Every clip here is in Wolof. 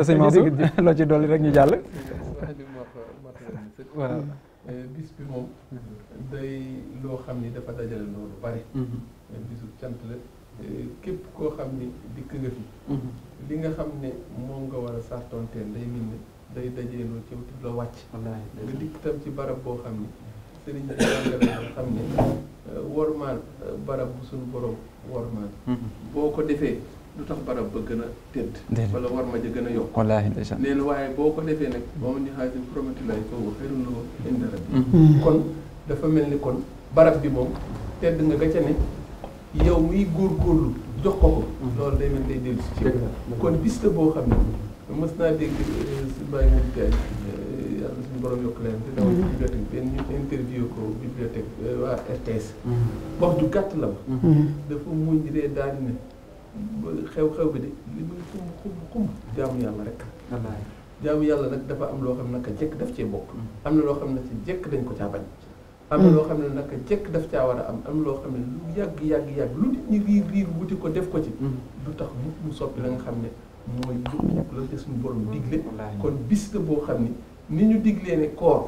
sëñ Mansour loo ci dolli rek ñu jàll. waaw bis bi moom day loo xam ni dafa dajale loolu bari. Mhm. bisu cant képp koo xam ni di nga mhm. li nga xam ne moom nga war a sartonteel day mel ne day dajeeloo ci la wàcc. nga dikk tam ci barab boo xam ni sëriñ bi jàngale xam ne euh, wormaal euh, barab bu suñu borom wormaal. Mhm. boo ko defee. lu tax barab ba gën a tëdd wala war ma ja gën a yokk wallaahi waaye boo ko defee nag boo ma ñu xaaj prometi lay kooku xëyrun lahu inda rabbi mm-hmm. Mm-hmm. kon dafa mel ni kon barab bi moom tedd nga ca ne yow muy góorgóorlu jox ko ko mm-hmm. loolu day mel day dellu si ci kon bis boo xam ne mës naa dégg euh, bàyyi mu gaay euh, yàlla suñu borom yokk leen te daw bibliothèque benn interview ko bibliothèque euh, waa RTS wax ju gàtt la ma dafa muñ ree daal ne xew-xew bi de li muy xum xum xum jaamu yàlla rek jaamu yàlla nag dafa am loo xam ne naka jekk daf cee bokk mm. am na loo xam ne si jekk dañ ko caa mm. loo xam ne naka jekk daf caa war a am am loo xam ne lu yàgg yàgg yàgg lu nit ñi riir riir wuti ko def ko ci lu mm. tax mukk mu soppi la nga xam ne mooy la te suñu borom digle kon bis la boo xam ne ni ñu diglee ne koor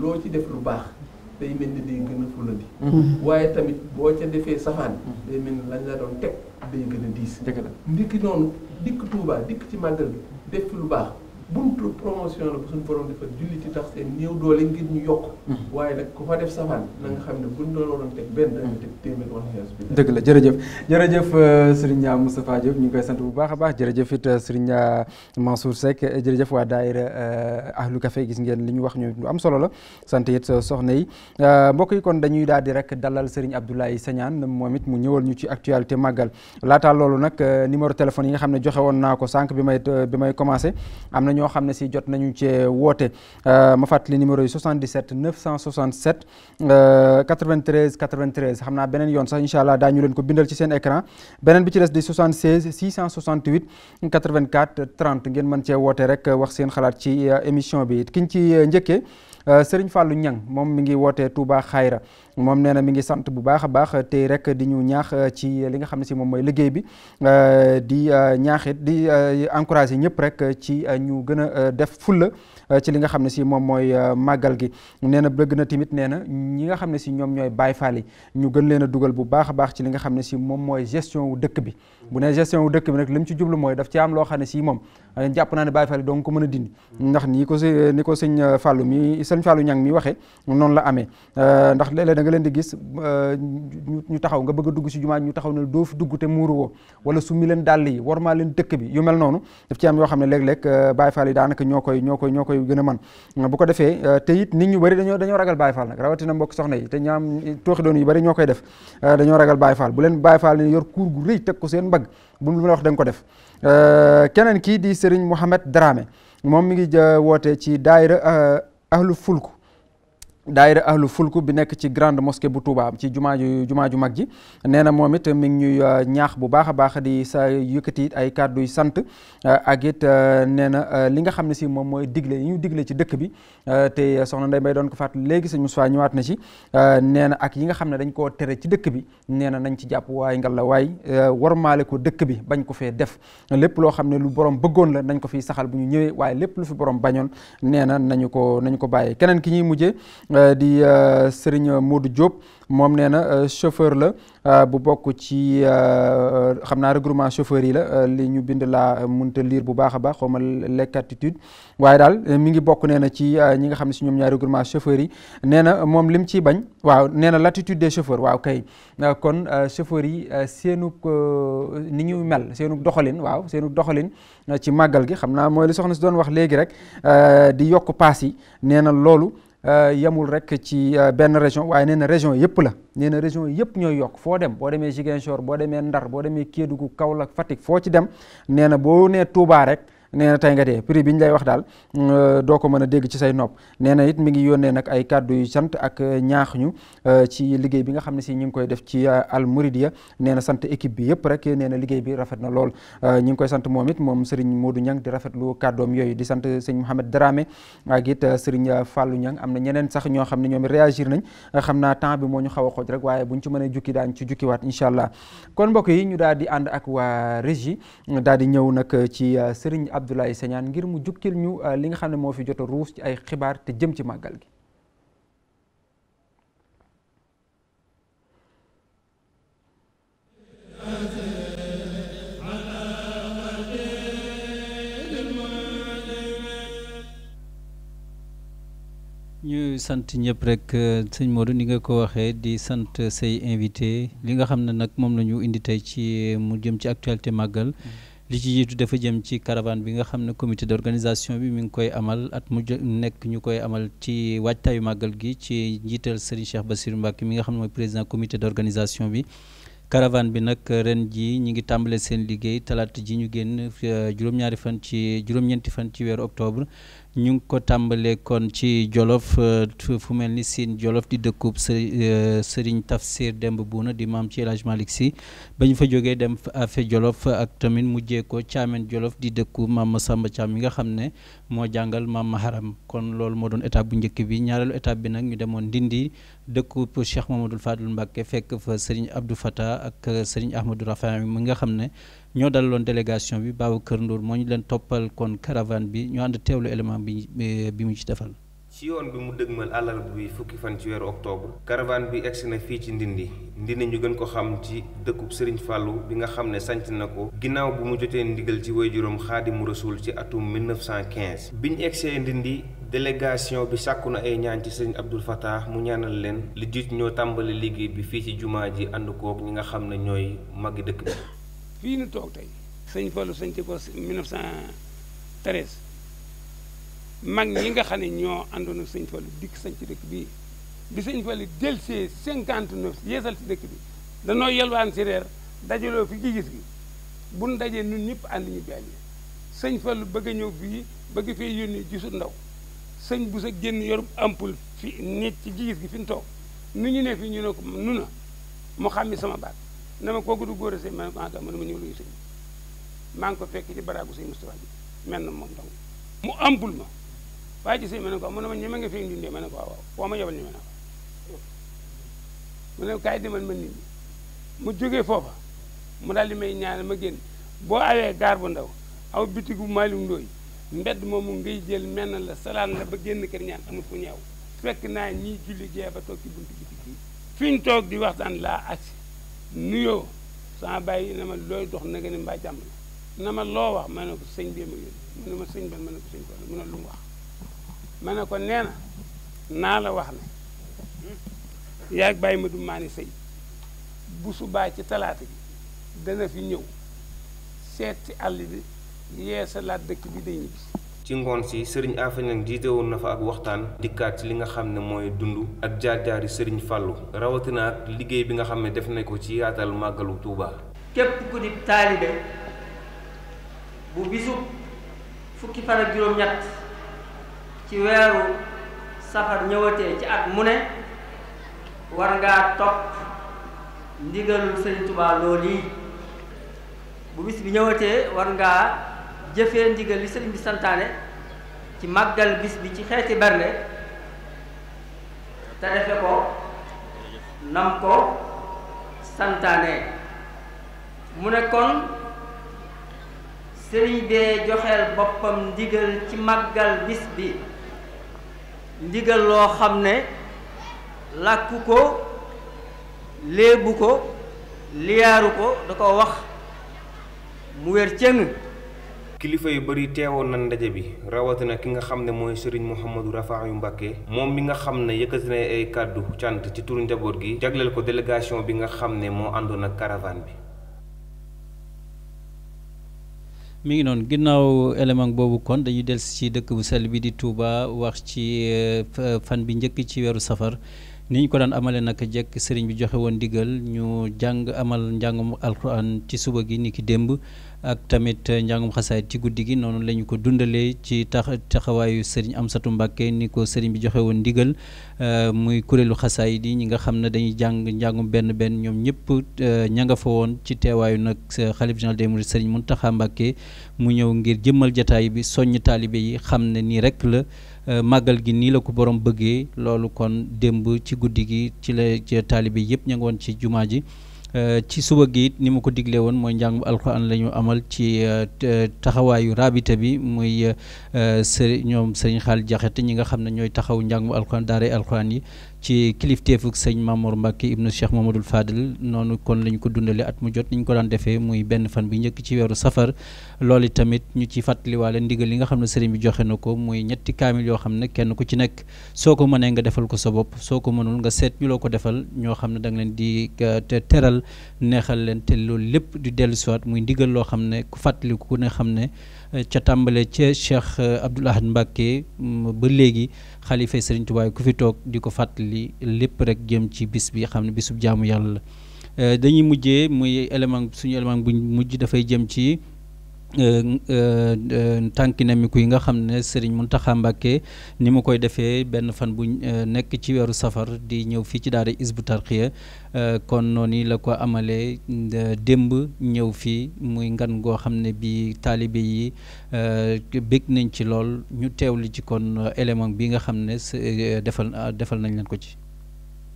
loo ci def lu baax day mel ni day gën a fulandi waaye tamit boo ca defee safaan day mel ni lañ la doon teg day gën a diis. dëgg la ndikki noonu dikk Touba dikk ci màggal bi def lu baax. buntu promotion bu suñu borom dafa julli ci tax seen néew doole ngir ñu yokk. Hmm. waaye nag ku fa def safaan na xam ne buñ doon teg benn dañu jërëjëf jërëjëf euh, Serigne Moustapha Diop ñu ngi koy sant bu baax a baax jërëjëf it euh, Serigne Mansour Seck jërëjëf waa daayira euh, Ahlu Café gis ngeen li ñu wax ñu am solo la sant it soxna yi mbokk yi kon dañuy daal di rek dalal Serigne Abdoulaye Sagnane moom it mu ñëwal ñu ci actualité màggal laataa loolu nag numéro téléphone yi nga xam ne joxe naa ko sànq bi may bi may ñoo xam ne si jot nañu cee woote euh, ma fàttali numéro yi 77 967 93 93 xam naa beneen yoon sax incha allah ñu leen ko bindal ci seen écran beneen bi ci des di 76 668 84 30 ngeen mën cee woote rek euh, wax seen xalaat ci euh, émission bi kiñ ci njëkkee Serigne fàllu ñang moom mi ngi wootee Touba Xayra moom nee na mi ngi sant bu baax a baax tey rek di ñu ñaax euh, ci li nga xam ne si moom mooy liggéey bi euh, di euh, ñaaxit di encouragé ñëpp rek ci ñu gën a def fulla ci li nga xam ne si moom mooy màggal gi nee na bëgg na tamit nee na ñi nga xam ne si ñoom ñooy Baay Faal ñu gën leen a dugal bu baax a baax ci li nga xam ne si moom mooy gestion wu dëkk bi bu ne gestion wu dëkk bi nag li mu ci jublu mooy daf ci am loo xam ne si moom jàpp naa ne Baay Faal yi donc ko mën a dindi ndax ni ko si ni ko sëñ Fallou mi sëñ Fallou Ñang mi waxee noonu la amee ndax léeg da nga leen di gis euh, ñu taxaw nga bëgg a dugg si jumaa ñu taxaw ne doo fi dugg te muuru woo wala su mi leen dàll yi war maa leen dëkk bi yu mel noonu daf ci am yoo xam ne léeg-léeg euh, Baay Faal yi daanaka ñoo koy ñoo koy ñoo koy gën a man bu ko defee euh, te it nit ñu bari dañoo dañoo ragal Baay Faal nag rawatina mbokk soxna yi te ñaam tooxi doon yu bëri ñoo koy def dañoo ragal Baay Faal bu leen Baay Faal ne yor kuur gu rëy teg ko seen mbagg bu mu la wax da nga ko def keneen kii di Serigne Mohamed Dramé moom mi ngi wootee ci daayira ahlu fulk daayira ahlu fulku bi nekk ci grande mosquée bu Touba ci jumaa ju jumaa ju mag ji nee na moom it mi ngi ñuy euh, ñaax bu baax a baax di sa yëkkati ay kàddu yu sant euh, ak it euh, nee na li nga xam ne si moom mooy digle yi ñu digle ci dëkk bi te soxna Ndeye Mbaye doon ko fàttali léegi sëñ Moussa ñëwaat na ci nee na ak yi nga xam ne dañ ko tere ci dëkk bi nee na nañ ci jàpp waay ngal la waay warmaale ko dëkk bi bañ ko fee def lépp loo xam ne lu borom bëggoon la nañ ko fiy saxal bu ñu ñëwee waaye lépp lu fi borom bañoon nee na nañu ko nañu ko bàyyee keneen ki ñuy mujjee Euh, di euh, Serigne Modou Diop moom nee na euh, chauffeur la bu bokk ci xam naa regroupement chauffeur yi la li ñu bind laa mënta liir bu baax a baax xaw ma lekkatitude waaye daal mi ngi bokk nee na ci ñi nga xam ne si ñoom ñaari regroupement chauffeur yi nee na moom lim ciy bañ waaw nee na l'attitude des chauffeurs waaw kay kon chauffeur yi seenug ni ñu mel seenug doxalin waaw seenug doxalin ci màggal gi xam naa mooy li soxna si doon wax léegi rek di yokk paas yi nee na loolu Euh, yemul rek ci euh, benn région waaye nee na région yëpp la nee na région yëpp ñooy yokk foo dem boo demee Ziguinchor boo demee Ndar boo demee Kédougou Kaolack Fatick foo ci dem nee na boo nee Touba rek nee na tey nga dee prix bi ñu lay wax daal euh, doo ko mën a dégg ci say nopp nee na it mi ngi yónnee nag ay kàddu yu sant ak euh, ñaax ñu euh, ci liggéey bi nga xam ne si ñu ngi koy def ci Al Mouridiya nee na sant équipe bi yëpp rek nee na liggéey bi rafet na lool ñu ngi koy sant moom it moom Serigne Modou Niang di rafetlu kàddoom yooyu di sant sëñ Mouhamed Dramé ak it Serigne Fallou Niang am na ñeneen sax ñoo xam ne ñoom réagir nañ xam naa temps bi moo ñu xaw a xooj rek waaye buñ ci mën jukki daañ ci jukkiwaat incha allah kon mbokk yi ñu daal di ànd ak waa régie daal di ñëw nag ci Serigne Abdoulaye Sagnane ngir mu jukkil ñu euh, li nga xam ne moo fi jot ci ay xibaar te jëm ci màggal gi. ñu sant ñëpp rek euh, sëñ Modou ni nga ko waxee di sant say invité li nga xam ne nag moom la ñu indi tey ci euh, mu jëm ci actualité màggal. Mm. li ci dafa jëm ci caravane bi nga xam ne comité d'organisation bi mi ngi koy amal at mu nekk ñu koy amal ci waajtaayu màggal gi ci njiital Serigne Cheikh Bassirou Mbacké mi nga xam ne mooy président comité d'organisation bi caravane bi nag ren ji ñu ngi tàmbale seen liggéey talaat ji ñu génn euh, juróom-ñaari fan ci juróom-ñeenti fan ci weeru octobre ñu ngi ko tàmbalee kon ci jolof euh, fu mel ni siin jolof di dëkkub sëriñ euh, tafsir demb buuna di maam ci El Hadj si ba ñu fa jógee dem afe jolof ak tamit mujjee ko caamen jolof di dëkku maam Samba caam mi nga xam ne moo jàngal maam Maharam kon loolu moo doon étape bu njëkk bi ñaareelu étape bi nag ñu demoon Ndindi dëkkub Cheikh Mamadou Fadul Mbacke fekk fa sëriñ Abdou Fata ak euh, sëriñ Ahmadou Rafa mi nga xam ne ñoo dalaloon délégation bi Babacar Ndour moo ñu leen toppal kon caravane bi ñu ànd teewlu élément bi bi mu ci defal. ci yoon bi mu dëgmal alal bi fukki fan ci weeru octobre caravane bi egsi na fii ci Ndindi ndi Ndindi ñu gën ko xam ci dëkkub Serigne fàllu bi nga xam ne sanc na ko ginnaaw bu mu jotee ndigal ci way waajuram Xaadimu Rasuul ci atum 1915 bi ñu egsee Ndindi délégation bi sàkku na ay ñaan ci Serigne Abdoul Fattah mu ñaanal leen li jiit ñoo tàmbali liggéey bi fii ci jumaa ji ànd kook nga xam ne ñooy màggi dëkk fii nu toog tey sëñ Fallou sëñ ci ko 1913 mag ñi nga xam ne ñoo àndoon ak sëñ Fallou dikk sañ ci dëkk bii bi sëñ Fallou delsee 59 yeesal ci dëkk bi danoo yelwaan si reer dajaloo fi gigis gi buñ dajee nun ñëpp ànd ñu bi añee sëñ Fallou bëgg a ñëw fii bëgg fee yónni gisu ndaw sëñ bu sa génn yor ampul fi nit ci gigis gi fi mu toog nu ñu ne fii ñu ne ko nu na mu xam sama baat na ma kooku du góor a sëy ah, ma ne ma ñëw luy sëy maa ngi ko fekk di baraagu sëy Moustapha bi na moom mu ambul ma waaye ci ko mu ne ma ñeme nga fii ndindee ma ne ko waaw waaw foo ma yebal ñeme naa mu ne kaay ma nit mu daal di may ñaanal ma génn boo awee gaar bu ndaw aw bitigu Malick Ndoye mbedd moomu ngay jël menn la salaan la ba génn kër ñaan amul fu ñaaw fekk naa ñii julli gee ba toog ci bitig fii toog di waxtaan laa agsi nuyoo sama bàyyi na ma looy dox na nga mbaa jàmm na ma loo wax ma ne ko sëñ bi ma yónni mu ne ma sëñ ban ma ne ko sëñ ko mu ne lu wax ma ne ko nee na naa la wax ne yaag bàyyi ma du maani sëy bu subaa ci talaata gi dana fi ñëw seeti ci àll bi yeesalaat dëkk bi day ñibbi ci ngoon si sëriñ Afe jiite woon na fa waxtaan dikkaat ci li nga xam ne mooy dund ak jaar-jaari sëriñ Fallou rawatina liggéey bi nga xam ne def nañ ko ci yaatal màggalu Touba. képp ku di taalibe bu bisu fukki fan ci weeru safar ñëwatee ci at mu ne war ngaa topp ndigalul sëriñ Touba loolu yi bu bis bi ñëwatee war ngaa. jëfe ndigal li sëriñ bi santaane ci màggal bis bi ci xeeti berne te defe ko nam ko santaane mu ne kon sëriñ bee joxeel boppam ndigal ci màggal bis bi ndigal loo xam ne làkku ko léebu ko liyaaru ko da ko wax mu wér cëng kilifa yu bari teewoon na ndaje bi rawatina ki nga xam ne mooy Serigne Mouhamadou yu Mbacké moom bi nga xam ne yëkkati ay kàddu cant ci turu njaboot gi jagleel ko délégation bi nga xam ne moo àndoon ak caravane bi. mi ngi noonu ginnaaw élément boobu kon dañuy dellu ci dëkk bu sell bi di Touba wax ci euh, fan bi njëkk ci weeru safar ni ñu ko daan amale nag jekk sëriñ bi joxe woon ndigal ñu jàng amal njàngum alquran ci suba gi ni ki démb ak tamit njàngum xasaayit ci guddi gi noonu la ñu ko dundalee ci tax taxawaayu sëriñ Amsatu Mbàkke ni ko sëriñ bi joxe woon ndigal euh, muy kuréelu xasaayit yi ñi nga xam ne dañuy jàng njàngum benn benn ñoom ñëpp euh, ña nga fa woon ci teewaayu nag xalif général des mourides sëriñ Muntaxa Mbàkke mu ñëw ngir jëmmal jataay bi soññ taalibe yi xam ne nii rek la euh, màggal gi nii la ko borom bëggee loolu kon démb ci guddi gi ci la ci taalibe yëpp ña nga woon ci jumaa ji Euh, ci suba gi it ni ma ko diglee woon mooy njàngu alquran la ñu amal ci euh, euh, taxawaayu rabita bi muy sëri ñoom sëriñ xaal jaxate ñi nga xam ne ñooy taxaw njàngu alquran daaray alquran yi ci kilifteefuk sëñ Mamour Mbacke ibnu Cheikh Mamadou Fadel noonu kon lañu ko dundale at mu jot ni ñu ko daan defee muy benn fan bi njëkk ci weeru safar loolu tamit ñu ci fàttaliwaale ndigal li nga xam ne sëriñ bi joxe na ko muy ñetti kaamil yoo xam ne kenn ku ci nekk soo ko mënee nga defal ko sa bopp soo ko mënul nga seet ñu loo ko defal ñoo xam ne danga leen di euh, te teral neexal leen te loolu lépp di dellusiwaat muy ndigal loo xam ne ku fàttaliku ku ne xam ne ca tàmbale ca Cheikh eh, Abdoul Ahad mm, ba léegi xalifa Serigne Touba ku fi toog di ko fàttali lépp rek jëm ci bis bi xam ne bisub jaamu yàlla la eh, dañuy mujjee muy élément suñu élément buñ mujj dafay jëm ci Euh, euh, euh, tànki nemiku yi nga xam ne Serigne Mountakha Mbacké ni mu koy defee benn fan bu nekk ci weeru safar di ñëw fii ci daara Hizbut Tarqiyyah kon noonu la ko amalee démb ñëw fii muy ngan goo xam ne bi taalibe yi bég nañ ci lool ñu teew li ci kon élément bi nga xam ne defal defal nañ leen ko ci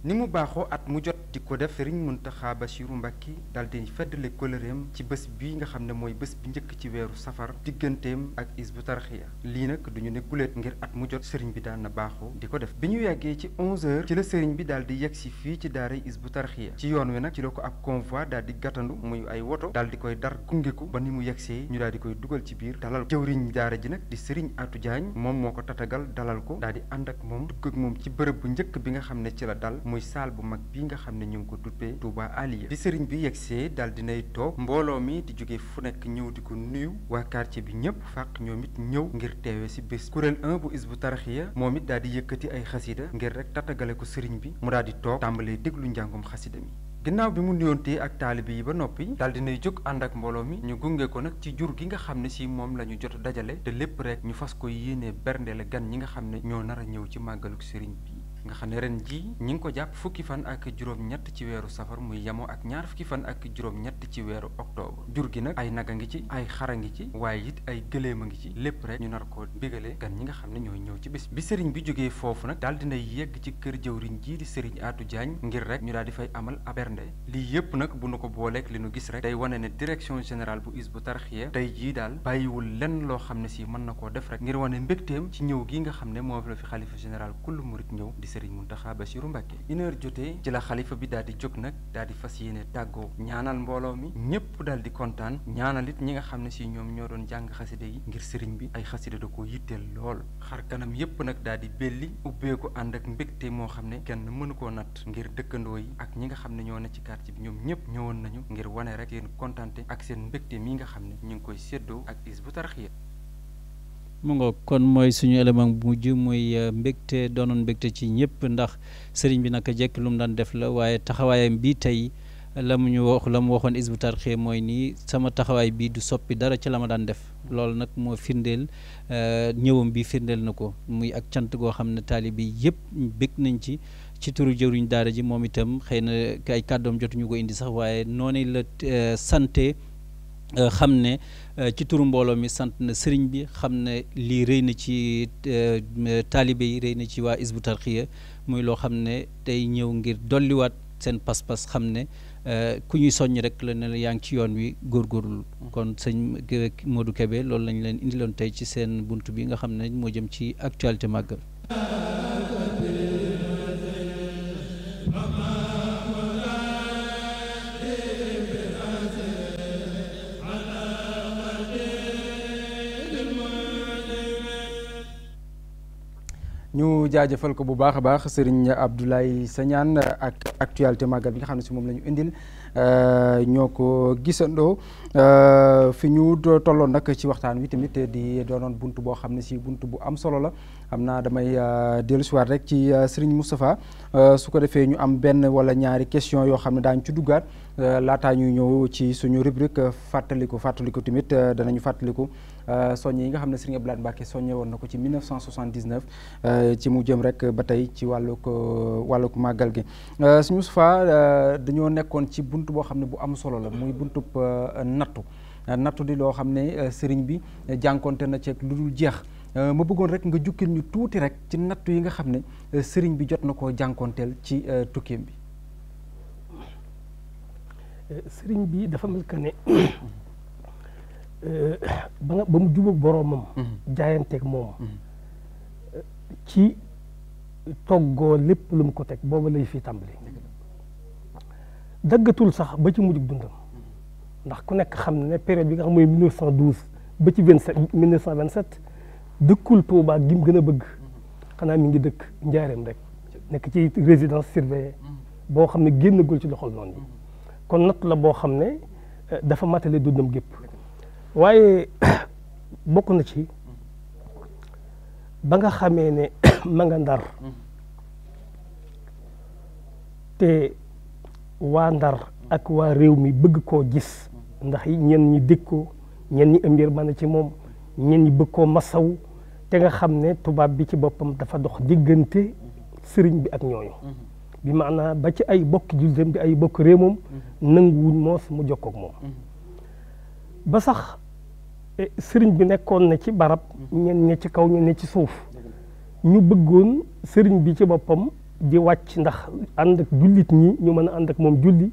ni mu baaxoo at mu jot di ko def Serigne Mountakha Bassirou Mbacké daal di feddale kóllëreem ci bés bi nga xam ne mooy bés bi njëkk ci weeru safar digganteem ak Hizbut Tarqiyyah lii nag duñu ne guléet ngir at mu jot Serigne bi daan na baaxoo di ko def bi ñu yàggee ci 11h ci la Serigne bi daal di yegg si fii ci daara Hizbut Tarqiyyah ci yoon wi nag ci la ko ak convoi daal di gàttandu muy ay woto daal di koy dar gunge ko ba ni mu yeggsee ñu daal di koy dugal ci biir dalal jëwriñ daara ji nag di Serigne Atou Diagne moom moo ko tatagal dalal ko daal di ànd ak moom moom ci bërëb bu njëkk bi nga xam ne ci la dal muy saal bu mag bi nga xam ne ñu ngi ko duppee Touba Aliya bi sëriñ bi yegsee daal dinay toog mbooloo mi di jóge fu nekk ñëw di ko nuyu waa quartier bi ñëpp fàq ñoom it ñëw ngir teewe si bés kuréel 1 bu isbu taraxiya moom it daal di yëkkati ay xasida ngir rek tatagale ko sëriñ bi mu daal di toog tàmbalee déglu njàngum xasida mi ginnaaw bi mu nuyontee ak taalibe yi ba noppi daal nay jóg ànd ak mbooloo mi ñu gunge ko nag ci jur gi nga xam ne si moom la ñu jot dajale te lépp rek ñu fas ko yéenee bernde la gan ñi nga xam ne ñoo nar a ñëw ci màggaluk sëriñ bi nga xam ne ren jii ñi ngi ko jàpp fukki fan ak juróom-ñett ci weeru safar muy yemoo ak ñaar fukki fan ak juróom-ñett ci weeru octobre jur gi nag ay nag a ngi ci ay xar a ngi ci waaye it ay gëléem a ngi ci lépp rek ñu nar ko bégale gan ñi nga xam ne ñoo ñëw ci bés bi sëriñ bi jógee foofu nag daal dinay yegg ci kër jëwriñ jii di sëriñ Aatu Jaañ ngir rek ñu daal di fay amal abernde lii yépp nag bu nu ko booleek li nu gis rek day wane ne direction générale bu Hizbut Tarqiyyah tey jii daal bàyyiwul lenn loo xam ne si mën na koo def rek ngir wane mbégteem ci ñëw gi nga xam ne moo fi xalifa général kullu ñëw Serigne Mountakha Bassirou Mbacké une heure jotee ci la xalifa bi daal di jóg nag daal di fas yéene tàggoo ñaanal mbooloo mi ñëpp daal di kontaan ñaanal it ñi nga xam ne si ñoom ñoo doon jàng xaside yi ngir sëriñ bi ay xaside da ko yitteel lool xar kanam yépp nag daal di belli ubbeeku ànd ak mbégte moo xam ne kenn mënu koo natt ngir dëkkandoo yi ak ñi nga xam ne ñoo ne ci quartier bi ñoom ñëpp ñëwoon nañu ngir wane rek seen kontante ak seen mbégte mi nga xam ne ñu ngi koy séddoo ak Hizbut Tarqiyyah mu nga kon mooy suñu élément bu mujj muy euh, mbégte doonoon mbégte ci ñëpp ndax sëriñ bi naka jekk lu mu daan def la waaye taxawaayam bii tey la mu ñu wax la mu waxoon isbu tarxee mooy nii sama taxawaay bii du soppi dara ci la ma daan def loolu nag moo firndeel euh, ñëwam bi firndeel na ko muy ak cant goo xam ne taalibe yi yëpp bég nañ ci ci turu jëruñ daara ji moom itam xëy na ay kàddoom jotuñu ko indi sax waaye noonu la euh, santé xam ne Euh, ci turu mbooloo mi sant na sëriñ bi xam ne lii rey na ci euh, euh, taalibe yi rey na ci waa isbu tarxiya muy loo xam ne tey ñëw ngir dolliwaat seen pas-pas xam ne ku ñuy soññ rek la ne la yaa ngi ci yoon wi góorgóorlu kon sëñ Modou Kébé loolu lañu leen indiloon tey ci seen bunt bi nga xam ne moo jëm ci actualité màggal ñu jaajëfal ko bu baax a baax Serigne Abdoulaye Sagnane ak actualité màggal bi nga xam ne si moom lañu ñu indil euh, ñoo ko gisandoo euh, fi ñu tolloon nag ci waxtaan wi tamit di doonoon bunt boo xam ne si bunt bu am solo la xam naa damay euh, dellusiwaat rek ci Serigne Moustapha su ko defee ñu am benn wala ñaari question yoo xam ne daañu ci duggaat laataa ñuy ñëw ci suñu rubrique fàttaliku fàttaliku tamit danañu fàttaliku. Euh, soññ yi nga xam ne Serigne Abdoulaye Mbacké soññe woon na ko ci 1979 euh, ci mu jëm rek ba tey ci wàllug euh, wàllug màggal gi suñu dañoo nekkoon ci bunt boo xam ne bu am solo la muy buntub nattu nattu di loo xam ne sëriñ bi jànkonte na ceeg lu dul jeex ma bëggoon rek nga jukkil ñu tuuti rek ci nattu yi nga xam ne sëriñ bi jot na ko jànkonteel ci tukkeem bi sëriñ bi dafa mel ne ba nga ba mu jubóog boroomam. teg moom. ci toggoo lépp lu mu ko teg booba lay fi tàmbali. daggatul sax ba ci mujjug dundam. ndax ku nekk xam ne période bi nga xam mooy 1912 ba ci 27 1927 dëkkul Touba gi mu gën a bëgg. xanaa mi ngi dëkk Njaareem rek. nekk ci résidence surveillée. boo xam ne génnagul ci loxol noonu. kon natt la boo xam ne dafa matale dundam gépp waaye bokk na ci ba nga xamee ne ma nga ndar mm-hmm. te waa ndar ak waa réew mi bëgg koo gis mm-hmm. ndax ñen ñi dégg ko ñen ñi ëmbir mën ci moom ñen ñi bëgg koo masaw te nga xam ne tubaab bi ci boppam dafa dox diggante mm-hmm. sëriñ bi ak ñooñu bi maanaa ba ci ay bokki jullitam bi ay bokk réew moom nanguwuñ moos mu jokkook moom ba sax Eh, sëriñ bi nekkoon na ci barab ñen ña ci kaw ñen ña ci suuf ñu bëggoon sëriñ bi ci boppam di wàcc ndax ànd jullit ñi ñu mën a ànd ak moom julli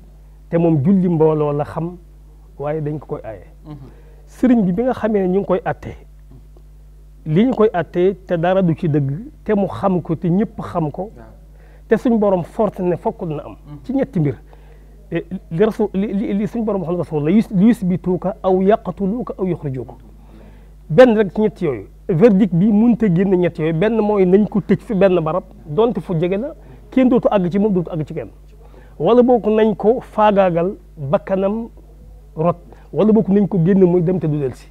te moom julli mbooloo la xam waaye dañ ko koy aye mm-hmm. sëriñ bi bi nga xamee ne ñu ngi koy attee li ñu koy attee te dara du ci dëgg te mu xam ko te ñëpp xam ko te suñ borom forte ne fokkul na am mm-hmm. ci ñetti mbir li rasul li li suñu borom waxal rasul la li yusbituuka aw yaqtuluuka aw yuxrijuuka benn rek ci ñett yooyu verdict bi mënut a génn ñett yooyu benn mooy nañ ko tëj fi benn barab donte fu jege la kenn dootu àgg ci moom dootu àgg ci kenn wala boog nañ ko faagaagal bakkanam rot wala boog nañ ko génn muy dem te du si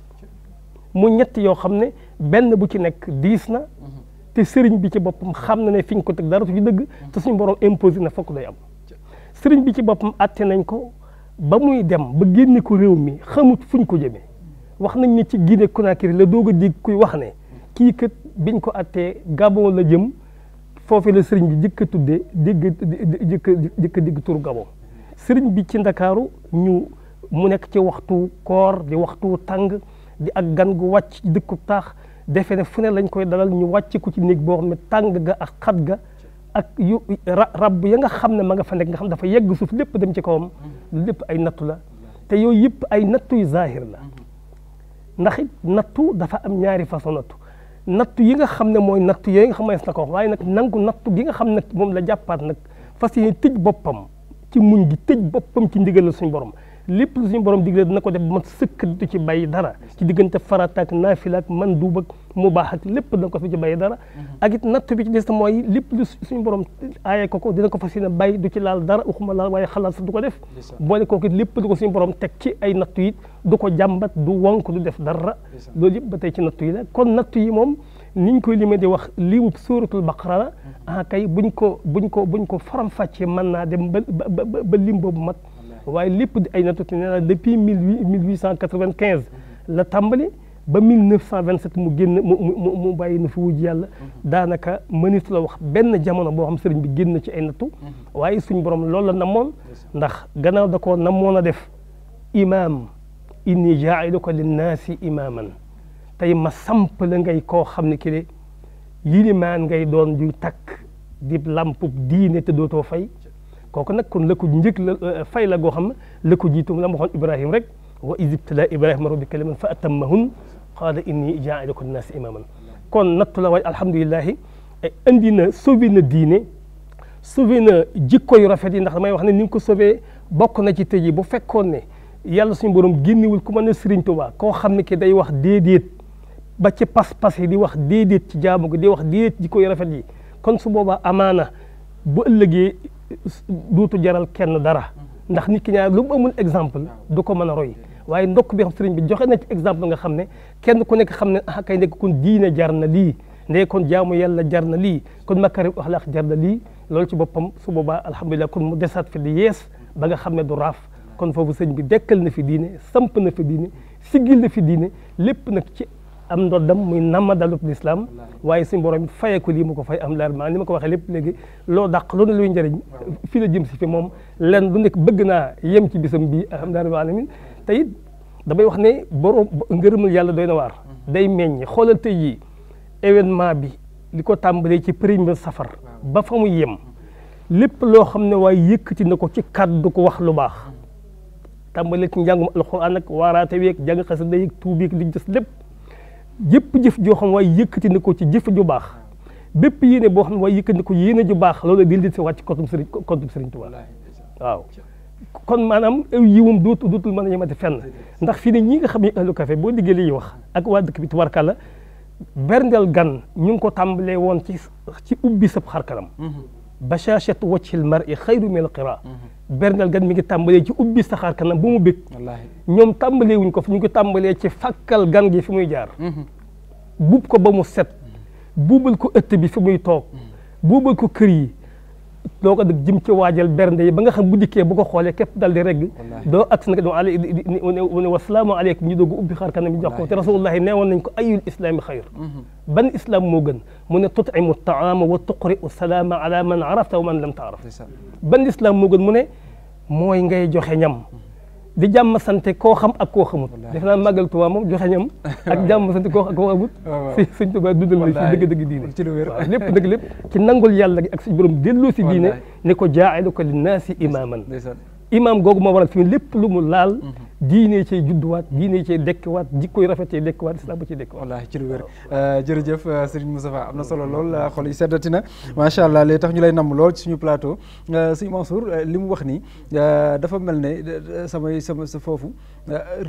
mu ñetti yoo xam ne benn bu ci nekk diis na mhm. te sëriñ bi ci boppam xam na ne fi ñu ko dara du ci dëgg te suñu borom imposé na fokk day am. sëriñ bi ci boppam atte nañ ko ba muy dem ba génne ko réew mi xamut fuñ ko jëmee wax nañ ne ci Guinée Conakry la doog a dégg kuy wax ne kii kët biñ ko àttee Gabon la jëm foofee la sëriñ bi jëkk dégg jëkk jëkk sëriñ bi ci ndakaaru ñu mu nekk ci waxtu koor di waxtu tàng di ak gan gu wàcc dëkku taax defe ne fu lañ koy dalal ñu wàcce ko ci néeg boo xam ne tàng ga ak xat ga ak yu rab ya nga xam ne ma nga fa nekk nga xam dafa yegg suuf lépp dem ci kawam lépp ay nattu la te yooyu yëpp ay nattu yu zahir la ndax it nattu dafa am ñaari façon nattu nattu yi nga xam ne mooy nattu yooyu nga na ko waaye nag nangu nattu gi nga xam ne moom la jàppaat nag fas yéene tëj boppam ci muñ gi tëj boppam ci ndigalal suñu borom lépp lu suñu borom digle dina ko def ba man sëkk du ci bay dara ci diggante farataak naafilaak man duubak mu baax ak lépp dina ko fi ci bàyyi dara mhm. ak natt bi ci des mooy lépp lu suñu borom aaye ko ko dina ko fas yéene bàyyi du ci laal dara uxuma laal waaye xalaat sax du ko def boole kooku lépp lu ko suñu borom teg ci ay nattu it du ko jàmbat du wonk du def dara loolu yëpp ba tey ci nattu yi la kon nattu yi moom niñ koy limee di wax lii wub suuratul baqara la mhm. ah kay buñ ko buñ ko buñ ko faram-fàccee mën naa dem ba ba lim boobu mat waaye lépp di ay nattu te nee naa depuis mille huit cent quatre-vingt-quinze la tàmbali ba mille neuf cent vingt-sept mu génn mu mu mu bàyyi na fi wuj yàlla mhm. daanaka mënit la wax benn jamono boo xam sëriñ bi génn ci ay nattu mhm. waaye suñ borom loolu la namoon ndax gannaaw da koo namoon a def imaam inni jaa'iluka linnaasi imaaman tey ma samp la ngay koo xam ne ki de yilimaan ngay doon juy takk di làmpub diine te dootoo fay kooku nag kon la ko njëkk la euh, fay la goo xam la ko jiitu la ma Ibrahim rek wa iz ibtala Ibrahima rabbi kalimatin fa atammahun qaala inni jaa'iluka linnaasi imaaman kon nattu la waay alhamdulilahi e, indi na sauvé na diine sauvé na jikko yu rafet yi ndax damay wax ne ni ko sauvé bokk na ci tëj yi bu fekkoon ne yàlla suñu borom génnewul ku mën a Sëriñ Tuubaa koo xam ne ki day wax déedéet ba ci pas-pas yi di wax déedéet ci jaamu gi di wax déedéet jikko yu rafet yi kon su boobaa amaana bu ëllëgee duutu jaral kenn dara ndax nit ki ñaar lu mu amul exemple du ko man a roy waaye ndokk bi xam sëriñ bi joxe na ci exemple nga xam ne kenn ku nekk xam ne a ah, kay nekk kon diine jar na lii ndee kon jaamu yalla jar na lii kon makarim axlaaq jar na lii loolu ci boppam su boobaa alhamdulilah kon mu desaat fi di yees ba nga xam ne du raaf kon foofu sa bi dekkal na fi diine samp na fi diine siggil na fi diine lépp nag am ndoddam muy namma dalub lislaam waaye suñu borom fayeku lii mu ko fay am leer ma ni ma ko waxee lépp léegi loo dàq lu ne luy njëriñ fii la jëm si fi moom len lu nekk bëgg naa yem ci bisam bi alhamdulilah rabbil alamin te it damay wax ne borom ngërëmul yàlla doy na waar day meñ xoolal tey jii événement bi li ko tàmbalee ci premier safar ba fa mu yem lépp loo xam ne waaye yëkkati na ko ci kàddu ko wax lu baax tàmbalee ci njàngum alxuraan ak waaraate weeg jàng jëpp jëf joo xam waaye yëkkati na ko ci jëf ju baax bépp yéene boo xam waaye yëkkati na ko yéene ju baax loolu dil di si wàcc kontum sëriñ kontum sëriñ Tuubaa waaw kon maanaam aw yiwum dootu dootul mën a yemati fenn ndax fii ne ñi nga xam ne ahlu café boo liggéey li ñuy wax ak waa dëkk bi kala berndeel gan ñu ngi ko tàmbalee woon ci ci ubbi sab xar kanam mhm. bashashatu wajhil mar'i xayru min al qira mhm. berngal gan mi ngi tàmbalee ci ubbi saxaar kanam bu mu bég ñoom tàmbalee wuñ ko ñu ko tàmbalee ci fàkkal gan gi fi muy jaar mm-hmm. buub ko ba mu set mm-hmm. buubal ko ëtt bi fi muy toog mm-hmm. buubal ko kër yi doo ko jëm ci waajal bernde yi ba nga xam bu dikkee bu ko xoolee képp dal di regg doo ak nag doo ale ne wasalaamu aleykum ñu doog ubbi xaar kanam ñu jox ko te rasulullahi nee woon nañ ko ayul islaami xayr ban islam moo gën mu ne tut'imu taama wa tuqri'u salaama ala man arafta wa man lam taaraf ban islam moo gën mu ne mooy ngay joxe ñam di jàmm sante koo xam ak koo xamut def naa màggal Tuubaa moom joxe ñam ak jàmm sante koo ak koo xamut si sëñ Tuubaa dundal na si dëgg-dëgg diine waaw lépp dëgg lépp ci nangul yàlla gi ak si borom delloo si diine ne ko jaa'iluka linnaasi imaaman imaam googu moo waral fi lépp lu mu laal mhm. diine cee judduwaat diine cee dekkiwaat jikkoy rafet cee dekkiwaat islam ba cee dekkiwaat wallaahi ci lu wér euh, jërëjëf euh, Serigne Moustapha am na solo lool euh, xol yi seddati na macha allah léegi tax ñu lay namm lool suñu plateau Serigne Mansour li mu wax ni dafa mel ne samay sama sa foofu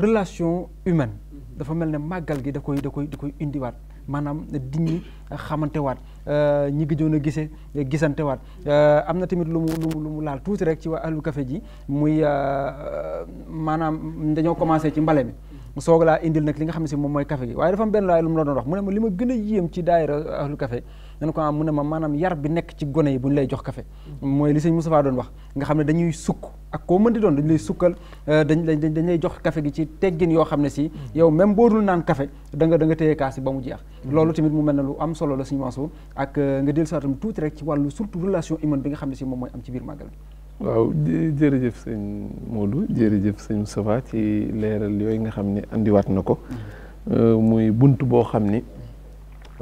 relation humaine mhm. dafa mel ne màggal gi da koy da koy koy indiwaat maanaam di ñi xamante waat Euh, ñi gëjoon a gisee gisantewaat euh, am na tamit lu mu lu mu lu mu laal tuuti rek ci waa ahlu café ji muy euh, maanaam dañoo commencé ci mbale mi soog laa indil nag li nga xam si moom mooy café gi waaye dafa am benn laay lu mu la doon mu ne ma li ma gën a yéem ci daayira ahlu café ne ko mu ne ma maanaam yar bi nekk ci gone yi bu ñu lay jox café mooy li sëñ Moustapha doon wax nga xam ne dañuy sukk ak koo mën di doon dañu lay sukkal euh, dañ dañ lay jox kafe gi ci teggin yoo xam ne si mm. yow même boo naan café da nga da nga téye ba mu jeex mm. loolu tamit mu mel ne lu am solo la sëñ Mansour ak euh, nga tuuti rek ci wàllu surtout relation humaine bi nga xam ne si moom mooy am ci biir màggal bi waaw jërëjëf sëñ Modou jërëjëf sëñ Moustapha ci leeral yooyu nga xam ne indiwaat na ko mm. euh, muy bunt boo xam ne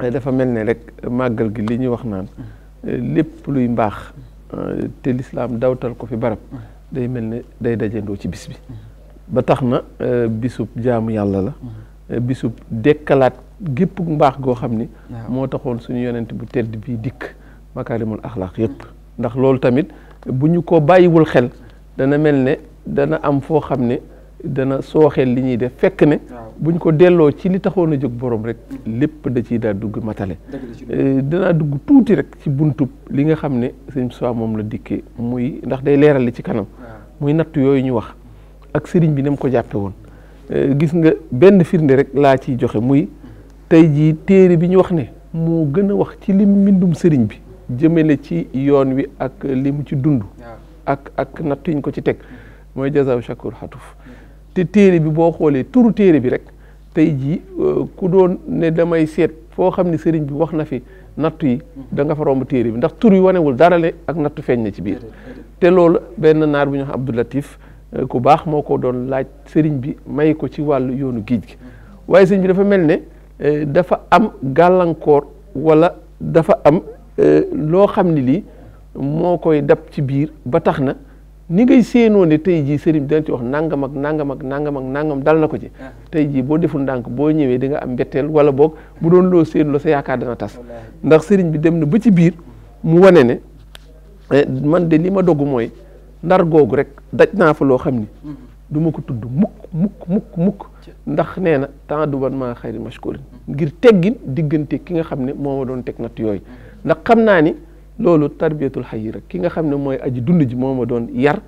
dafa mel ne rek màggal gi li ñuy wax naan lépp luy mbaax te lislaam dawtal ko fi barab day mel ne day dajandoo ci bis bi ba tax na bisub jaamu yàlla la bisub dekkalaat gépp mbaax goo xam ni moo taxoon suñu yonent bu tedd bii dikk makaarimul axlaaq yëpp ndax loolu tamit bu ñu ko bàyyiwul xel dana mel ne dana am foo xam ne dana sooxeel li ñuy def fekk ne buñ ko delloo ci li taxoon a jóg boroom rek mm-hmm. lépp da ciy daa dugg matale eh, danaa dugg tuuti rek ci buntub li nga xam ne sëñ Moussa moom la dikkee muy ndax day leeral li ci kanam muy natt yooyu ñu wax ak sëriñ bi ni mu ko jàppe woon eh, gis nga benn firnde rek laa ciy joxe muy tey jii téere bi ñu wax ne moo gën a wax ci lim mbindum sëriñ bi jëmale ci yoon wi ak limu ci dund ak ak natt yuñ ko ci teg mm-hmm. mooy jazaw shakur xatuf te téere bi boo xoolee turu téere bi rek tey jii euh, ku doon ne damay seet foo xam ne sëriñ bi wax na fi nattu yi mhm. danga nga fa romb téere bi ndax tur yi wanewul dara ak nattu feeñ na ci biir te loolu benn naar bu ñu wax Abdou Latif euh, ku baax moo ko doon laaj sëriñ bi may ko ci wàllu yoonu géej gi mhm. waaye sëriñ bi dafa mel ne euh, dafa am gàllankoor wala dafa am loo xam ne lii moo koy dab ci biir ba tax na ni ngay séenoo ne tey jii sëriñ dana ci wax nangam ak nangam ak nangam ak nangam dal na ko ci ah. tey jii boo deful ndànk boo ñëwee di nga am mbetteel wala boog bu doon loo séenloo sa yaakaar dana tas ndax sëriñ bi dem na ba ci biir mu wane ne eh, man de li ma dogg mooy ndar googu rek daj naa fa loo xam ni mm-hmm. du ma ko tudd mukk mukk mukk mukk ndax nee na temps du ban maa xayri mashkurin ngir teggin diggante ki nga xam ne moo ma doon teg natt yooyu mm-hmm. ndax xam naa ni loolu tarbiyatul xay yi rek ki nga xam ne mooy aji dund ji moom a doon yar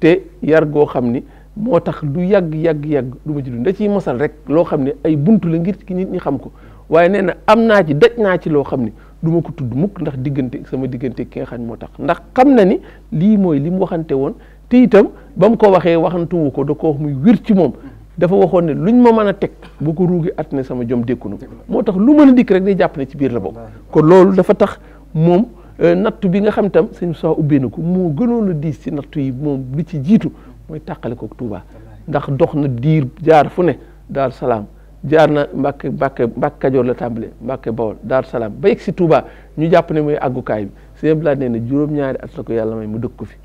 te yar goo xam ni moo tax lu yàgg yàgg yàgg du ma ci dund da ci mosal rek loo xam ne ay bunt la ngir ki nit ñi xam ko waaye nee na am naa ci daj naa ci loo xam ni duma ko tudd mukk ndax diggante sama diggante ki nga xam ne moo tax ndax xam na ni lii mooy li mu waxante woon te itam ba mu ko waxee waxantuwu ko da ko wax muy wér ci moom dafa waxoon ne luñ ma mën a teg bu ko ruugi at ne sama jom dékkunu moo tax lu mën a dikk rek day jàpp ne ci biir la bokk kon loolu dafa tax moom Euh, nattu bi nga xam tam sëñ soo ubbee na ko moo gënoon la diis si nattu yi moom bi ci jiitu mooy tàqale ko Touba ndax dox na diir jaar fu ne Daaru Salaam jaar na Mbàkke Mbàkke Mbàkke Kajoor la tàmbale mbakke Bawol Daaru Salaam ba yegg si Touba ñu jàpp ne mooy àggukaay bi sëñ Abdoulaye nee na juróom-ñaari at la ko yàlla may mu dëkk ko fi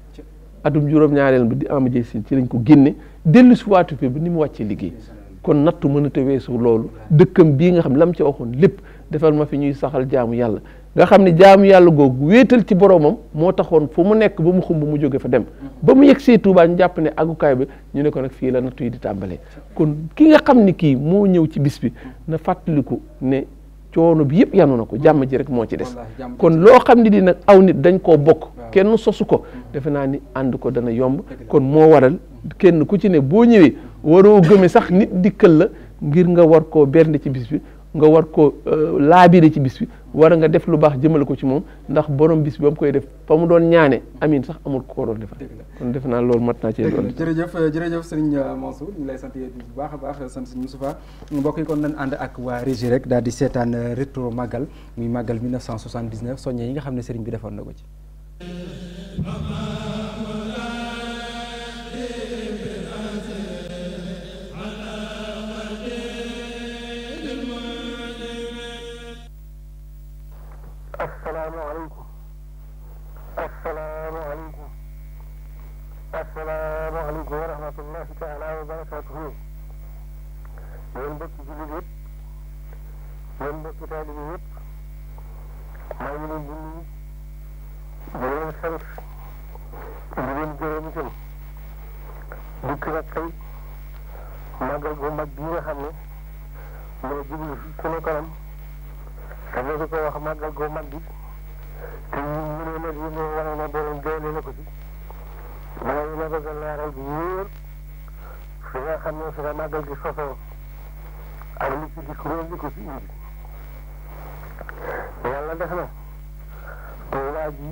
atum juróom-ñaareel bi di amajee si ci lañ ko génne dellu si waatu fi bi ni mu wàccee liggéey kon nattu mën a te weesu loolu dëkkam bii nga xam lam ci waxoon lépp defal ma fi ñuy saxal jaamu yàlla nga xam ne jaamu yàlla googu wéetal ci boroomam moo taxoon fu mu nekk ba mu xumb mu jóge fa dem ba mu yegg see Tuubaa ñu jàpp ne àggukaay bi ñu ne ko nag fii la nattu yi di tàmbalee kon ki nga xam ni kii moo ñëw ci bis bi na fàttaliku ne coono bi yëpp yanu na ko jàmm ji rek moo ci des kon loo xam ni di nag aw nit dañ koo bokk kenn sosu ko defe naa ni ànd ko dana yomb kon moo waral kenn ku ci ne boo ñëwee waroo gëme sax nit dikkal la ngir nga war koo bernde ci bis bi nga war koo euh, laabire ci bis bi war nga def lu baax jëmale ko ci moom ndax borom bis bi ba mu koy def fa mu doon ñaane amin sax amul koo doon defal kon def naa loolu mat naa ci doon jërëjëf jërëjëf sëriñ Mansour ñu lay sant bu baax a baax sant sëriñ Moustapha mbokk yi kon nañ ànd ak waa régie rek daal di seetaan rétro màggal muy màggal 1979 soññe yi nga xam ne sëriñ bi defoon na ko ci bu mag bi nga xam ne moo jublu sunu kanam dama di ko wax màggal gu mag bi te ñun ñu ne nag yi moo wane ne borom doole na ko ci dama dina bëgg a leeral bu wóor fi nga xam ne fi la màggal gi sosoo ak li ci di kuréel li ko ci indi yàlla def na Tuubaa ji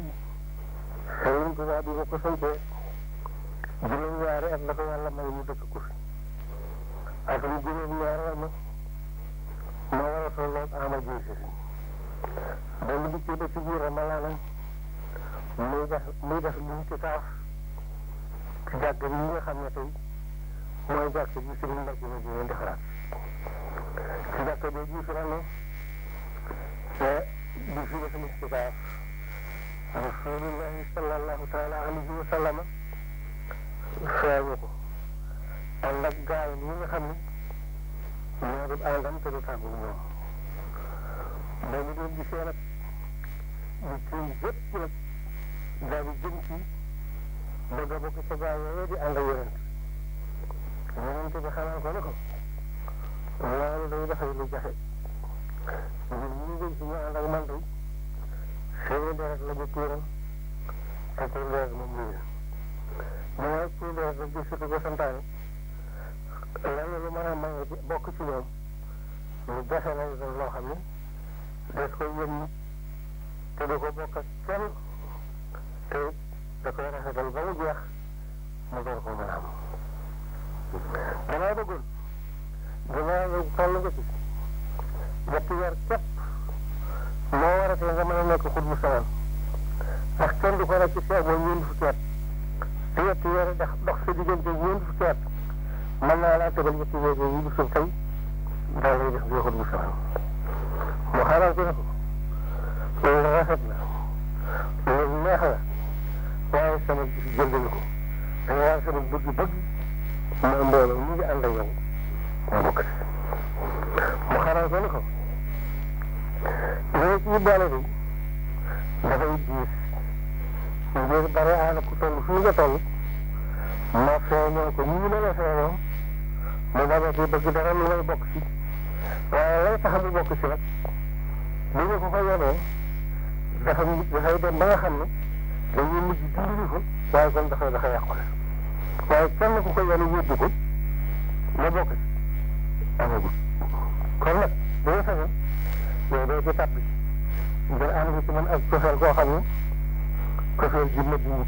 Sëriñ Tuubaa ko sante juróom-ñaari at la ko yàlla may ak li gën a leer la ma war a tolloog ama jiite ba mu dikkee ba ci biir malaanam muy def muy def luñ ci taaf ci jàkk bi nga xam ne tey mooy jàkk bi Sëriñ Mbàkke ma dina defaraat ci jàkk boobu fi la ne te di fi def listitaaf rasulullahi sallallahu taala alayhi wa sallama feeñu ko ànd ak gaay nga xam ne doon àndam te du tàggu moom ba mu nag ñu ciy jëpp nag daal di jëm ci bëgg a bokk ca gaa yooyu di ànd ak ne ko loolu day dafay lu jafe ñun ñu ngi ci ñu ànd ak man day suñu deret bokk ci ñoom lu jafe lay doon loo xam ne des koy yëm te du ko bokk ak kenn te da koy rafetal ba mu jeex mu door ko mën a am. danaa bëggoon dinaa bëgg toll nga ci ñetti weer képp moo waral la nga mën a nekk xutbu samaan ndax kenn du ko rek ci seet mooy ñeent fukki at te ñetti weer dox dox sa diggante ñeent fukki at mën naa laa tëbal ñetti weer yooyu bu suuf tey. daal lay def joxul bu saxam mu xaaral ci ko loolu rafet na loolu neex na waaye sama jëndal ko nga sama bëgg-bëgg ma mbooloo mu ngi ànd ak yow ma bokk mu ko ne ko loolu ci boole bi dafay diis ngir bare aana ku toll fu nga toll ma feeñoo ko ni ñu la la feeñoo mu bañ a ci bëgg dara lu lay waaye lay tax mu bokk si nag bu ñu ko fa yemee dafa dafay dem ba nga xam ne dañuy mujj dindi ko waaye kon dafa dafa yàqu la waaye kenn ku ko yenu yóbbu ko la bokk si amagul kon nag bu ñu sañoon yow doo ci tàpp ngir ànd ci man ak cofeel koo xam ne cofeel ji ma dindi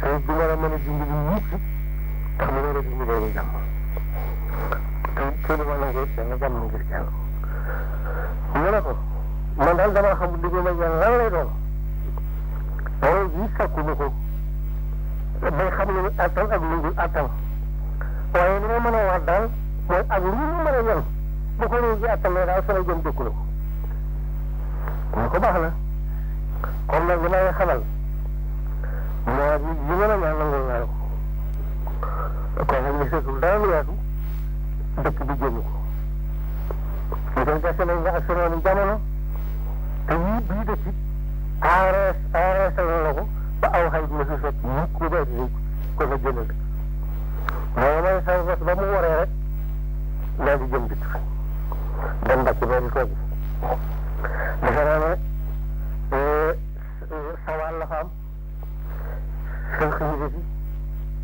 te du war a mën a dindi lu mucc tax mu war a dindi loolu jàmm te teeluma nangu benn gàmm ngir yàlla mu ne ko man daal damaa xam digg ma yàlla lan lay doon loolu ji sakku ma ko bay xam ne attan ak lu dul attan waaye li ma mën a waat daal mooy ak lu mu mën a yal bu ko léegi attan la daal sama jëm dëkku la ko na kon nag li may xamal moo li mën a naa ko kon nag li setul dara lu sëkk bi jënd ñu te ñii bii de ci aaree aaree seen ko ba aw xay ma su sot mukk ba bàyyi ko ko nga jëndal mooy mooy sa bos ba mu waree rek daal di ba ci ba di toog dafa naa ne eh, sawal la fa am seen xëy bi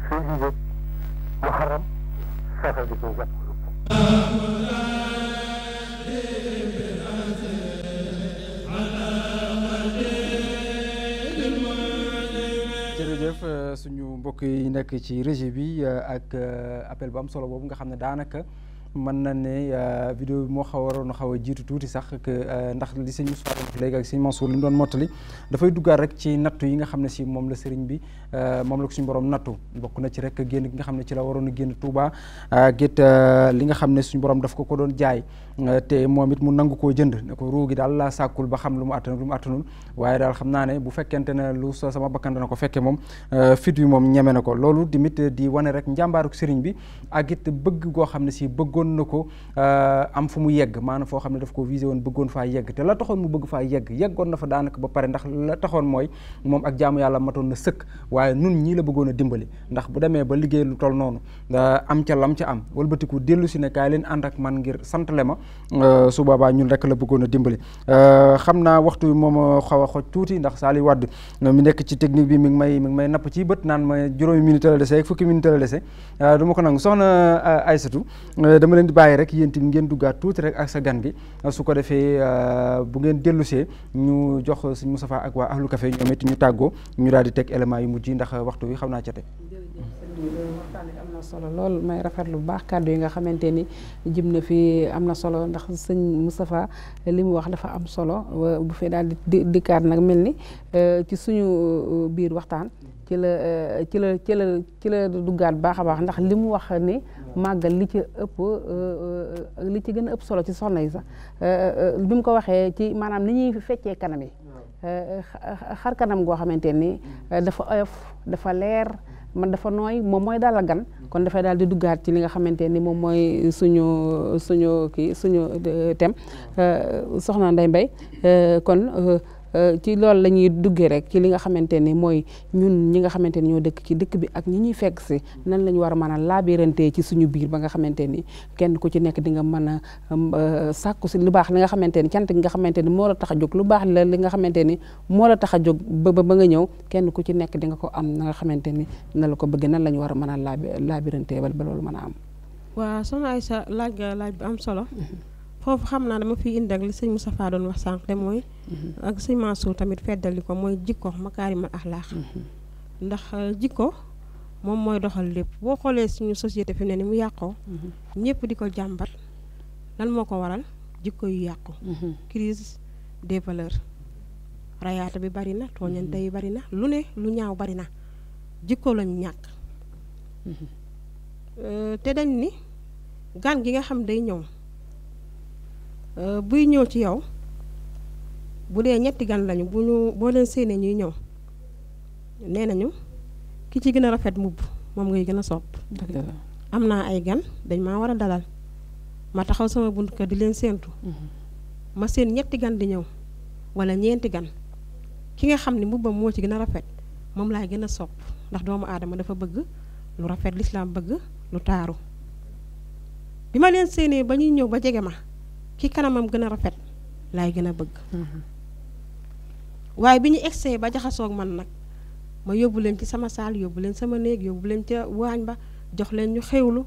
seen jigeeg mu xaram safa di ko jàpp mbokk yi nekk ci régie bi euh, ak euh, appel bu am solo boobu nga xam ne daanaka. mën na ne euh, vidéo bi moo xaw waroon xaw a jiitu tuuti sax que euh, ndax li sëñ Moussa wax léegi ak sëñ Mansour mu doon mottali dafay duggaat rek ci nattu yi nga xam ne si moom la sëriñ bi euh, moom la ko suñu borom bokk na ci rek génn gi nga xam ne ci la waroon a génn Touba gét li nga xam ne suñu borom daf ko ko doon jaay te moom it mu nangu koo jënd ne ko ruu gi daal laa sàkkul ba xam lu mu attan lu mu attanul waaye daal xam naa ne bu fekkente ne lu sa sama bakkan dana ko fekkee moom fit wi moom ñeme na ko loolu tamit di wane rek njàmbaaru sëriñ bi ak it bëgg goo xam ne si bëggoon bëggoon na ko euh, am fu mu yegg maanaam foo xam ne daf ko visé woon bëggoon faa yegg te la taxoon mu bëgg faa yegg yeggoon na fa daanaka ba pare ndax la taxoon mooy moom ak jaamu yàlla matoon na sëkk waaye nun ñii la bëggoon a dimbali ndax bu demee ba liggéey lu toll noonu euh, am ca lam ca am walbatiku dellu si ne kaay leen ànd ak man ngir santale ma euh, su boobaa ñun rek la bëggoon a dimbali xam naa waxtu bi moom xaw a xoj tuuti ndax saali wàdd mi nekk ci technique bi mi ngi may mi ngi may ma juróomi minute la dese fukki minute la dese du ma ko nangu soxna Aysatu dama leen di bàyyi rek yéen tamit ngeen duggaat tuuti rek ak sa gan gi su ko defee euh, bu ngeen dellusee ñu jox sëñ Moustapha ak waa Ahlu Café ñoom it ñu tàggoo ñu daal di teg éléments yu mujj ndax waxtu wi xam naa ca teg solo lool may rafet lu baax kàddu yi nga xamante ni jëm na fi am na solo ndax sëñ Moustapha li mu wax dafa am solo bu fee daal di di dikkaat nag mel ni euh, ci suñu euh, biir waxtaan ci la euh, ci la ci la ci la duggaat baax a baax ndax li mu wax ni màggal li ci ëpp li ci gën a ëpp solo ci soxna yi sax bi mu ko waxee ci maanaam ni ñuy feccee kanam yi xar kanam goo xamante ni mm. dafa oyof dafa leer man dafa nooy moom mooy dala gan kon dafay daal di duggaat ci li nga xamante ni moom mooy suñu suñu kii suñu euh, thème euh, soxna Ndeye Mbaye euh, kon Euh, ci loolu la ñuy duggee rek ci li nga xamante ni mooy ñun ñi nga xamante ni ñoo dëkk ci dëkk bi ak ñi fekk si nan la ñu war a mën a laabirantee ci suñu biir ba nga xamante ni kenn ku ci nekk di nga mën a um, euh, sàkku si lu baax li nga xamante ni cant gi nga xamante ni moo la tax a lu baax la li nga xamante ni moo la tax a jóg ba ba nga ñëw kenn ku ci nekk di nga ko am na nga xamante ni na la ko bëgg nan la ñu war a mën a laabirantee ba loolu mën a am. waaw laaj nga laaj bu am solo. Mm-hmm. foofu xam naa dama fiy indi ak li sëñ Moustapha doon wax sànq te mooy. Mhm. ak sëñ Mansour tamit feddali ko mooy jikko ak axlaax mhm. ndax euh, jikko moom mooy doxal lépp boo xoolee suñu société fi ne ni mu yàqoo. Mhm. ñëpp di ko jàmbar lan moo ko waral jikko yu yàqu. crise des valeurs. rayaata bi bari na tooñante yi bari na lu ne lu ñaaw bari na jikko lañu ñàkk. Euh, te dañ ni gan gi nga xam day ñëw. Euh, buy ñëw ci yow bu dee ñetti gan lañu bu ñu boo leen séenee ñuy ñëw nee nañu ki ci gën a rafet mbubb moom ngay gën a sopp am naa ay gan dañ maa war a dalal ma taxaw sama bunt kër di leen séentu mhm. ma seen ñetti gan di ñëw wala ñeenti gan ki nga xam ni mbubbam moo ci gën a rafet moom laay gën a sopp ndax doomu aadama dafa bëgg lu rafet lislaam bëgg lu taaru bi ma leen séenee ba ñuy ñëw ba jege ma ki kanamam gën a rafet laay gën a bëgg mm-hmm. waaye bi ñu egsee ba jaxasoog man nag ma yóbbu leen ci sama saal yóbbu leen sama néeg yóbbu leen ca waañ ba jox leen ñu xewlu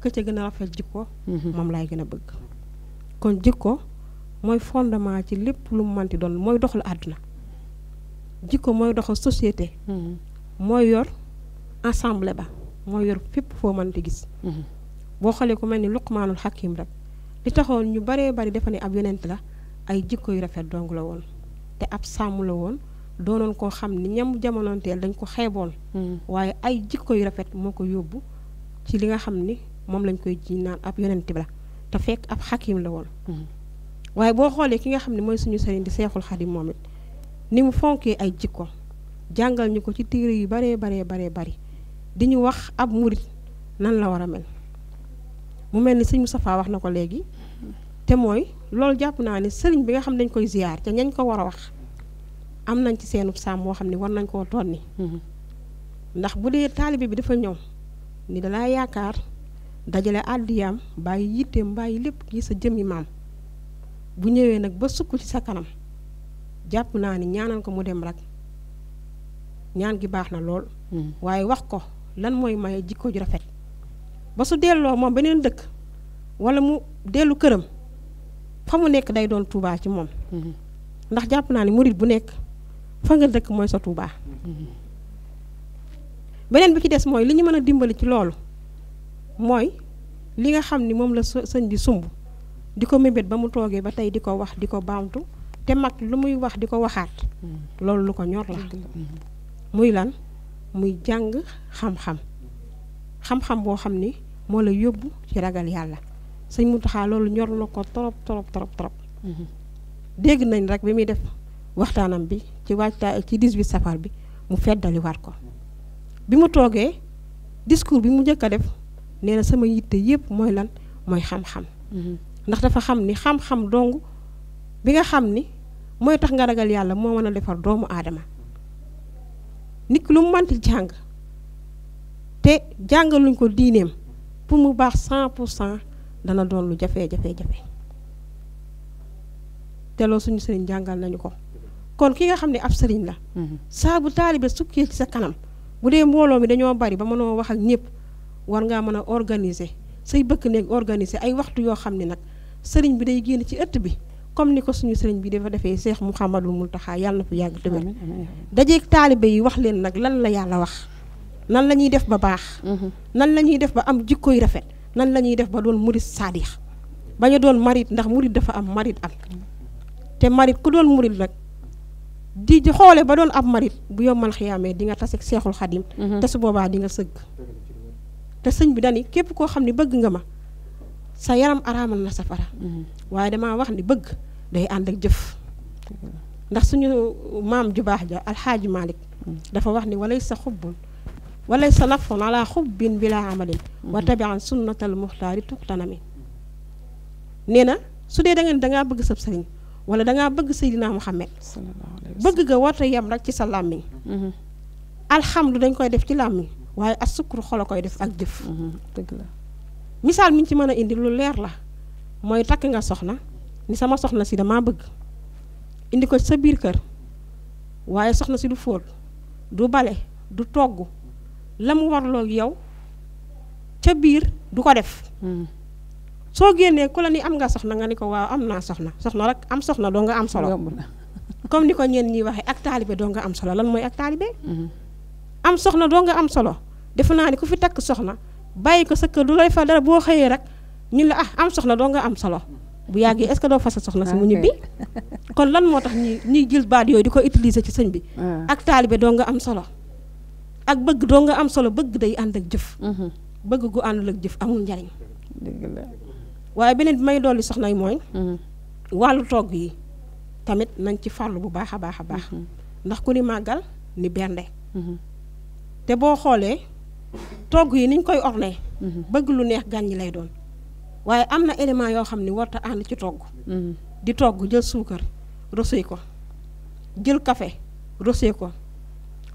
kë ca gën a rafet jikko mm-hmm. moom laay gën a bëgg kon jikko mooy fondement ci lépp lu mu manti doon mooy doxal àdduna jikko mooy doxal société mm-hmm. mooy yor ensemble ba mooy yor fépp foo mënti gis boo xoolee ko mel ni luqmaanul xakim rek li taxoon ñu baree bari defa ne ab yonent la ay jikko yu rafet dong la woon te ab sàmm la woon doonoon koo xam ni ñam jamononteel dañ ko xeeboon hmm. waaye ay jikko yu rafet moo ko yóbbu ci li nga xam ni moom lañ koy ji naan ab yonent la te fekk ab xakim la woon hmm. waaye boo xoolee ki nga xam ne mooy suñu sëriñ di seexul xadim ni mu fonkee ay jikko jàngal ñu ko ci téere yu baree baree baree bari di ñu wax ab murit nan la war a mel mu mel ni sëñ Moustapha wax na ko léegi te mooy loolu jàpp naa ni sëriñ bi nga xam dañ koy ziyaar te ñañ ko war a wax am nañ ci seenub sàmm moo xam ne war nañ koo ton ni mm-hmm. ndax bu dee taalibe bi dafa ñëw ni dalaa yaakaar dajale àddiyaam bàyyi yitteem bàyyi lépp kii sa jëmmi maam bu ñëwee nag ba sukk ci sa kanam jàpp naa ni ñaanal ko mu dem rek ñaan gi baax na lool mm-hmm. waaye wax ko lan mooy maye jikko ju rafet ba su delloo moom beneen dëkk walla mu dellu këram fa mu nekk day doon Touba ci moom. Mm-hmm. ndax jàpp naa ne murit bu nekk fa nga dëkk mooy sa Touba. Mm-hmm. beneen bi ci des mooy li ñu mën a dimbali ci loolu mooy li nga xam ni moom la sëñ bi sumb di ko mébét ba mu toogee ba tey di ko wax di ko baamtu te mag lu muy wax di ko waxaat. Mm-hmm. loolu lu ko ñor la. muy lan muy jàng xam-xam xam-xam boo xam ni moo la yóbbu ci ragal yàlla. sëñ taxaa loolu ñor na ko trop trop trop trop. Mhm. dégg nañ rek bi muy def waxtaanam bi ci waajtaay ci 18 safar bi mu feddaliwaat ko bi mu toogee discours bi mu njëkk a def nee na sama yitte yépp mooy lan mooy xam-xam. Mhm. ndax dafa xam ni xam-xam dong bi nga xam ni mooy tax nga ragal yàlla moo mën a defar doomu aadama nit ki lu mu mënti jàng te jàngal jàngaluñ ko diineem pour mu baax cent pour cent dana doon lu jafee jafe jafe te loolu suñu sëriñ jàngal nañu ko kon ki nga xam ne ab sëriñ la. Mm-hmm. saa bu taalibe sukkee ci sa kanam bu dee mbooloo mi dañoo bari ba mënoo wax ak ñëpp war ngaa mën a organiser say bëkk néeg organiser ay waxtu yoo xam ne nag sëriñ bi day génn ci ëtt bi comme ni ko suñu sëriñ bi dafa defee seex Cheikh Mouhamadul taxaa yàlla na fi yàgg te wér. dajeeg taalibe yi wax leen nag lan la yàlla wax. nan la ñuy def ba baax. Mm-hmm. nan la ñuy def ba am jikko yu rafet. nan la ñuy def ba doon murit saadix ba ñu doon marit ndax murit dafa am marit am te marit ku doon murit nag di xoole ba doon ab marit bu yombal xiyaamee di nga tas ak seexul xadim mhm. te su boobaa di nga sëgg te sëñ bi dani képp koo xam ne bëgg nga ma sa yaram araamal na safara mhm. waaye damaa wax ni bëgg day ànd ak jëf ndax suñu maam ju baax ja alxaaji Malick mhm. dafa wax ni walay sa xubbul walaysa lafun ala xubbin bila amalin wa tabi an sunnatal muxtaari tuqtanami nee na su dee da dangaa bëgg sab sëriñ wala dangaa bëgg Seydina Muhammad bëgg nga warta yem rek ci sa làmmiñ mhmm. alxamdu dañ koy def ci làmmiñ waaye as sukkur xol a koy def ak jëf mhmm, dëgg la misaal mi ci mën a indi lu leer la mooy takk nga soxna ni sama soxna si damaa bëgg indi ko sa biir kër waaye soxna si du fóot du bale du togg la mu warloo yow ca biir du ko def. Hmm. soo génnee ku la ni am nga soxna nga ni ko waaw am naa soxna soxna rek am soxna doo nga am solo. comme ni ko ñenn ñi waxee ak taalibe doo am solo lan mooy ak taalibe. Hmm. am soxna doo nga am solo defe naa ni ku fi takk soxna bàyyi ko sa kër du lay fa dara boo xëyee rek ñu la ah am soxna doo nga am solo. bu yàggee est-ce que doo fas soxna si mu ñibbi kon lan moo tax ñuy ñuy jël baat yooyu di ko utiliser ci sëñ bi. Ah. ak taalibe doo nga am solo. ak bëgg doo nga am solo bëgg day ànd ak jëf. Mhm. bëgg gu àndul ak jëf amul njariñ. waaye beneen bi may dolli soxna yi mooy. Mhm. wàllu togg yi tamit nañ ci farlu bu baax a baax a baax. Mhm. ndax ku ni màggal ni bernde. te boo xoolee togg yi niñ koy ornee. bëgg lu neex gan lay doon. waaye am na élément yoo xam ne warut a ànd ci togg. di togg jël suukar rosé ko jël kafe rosé ko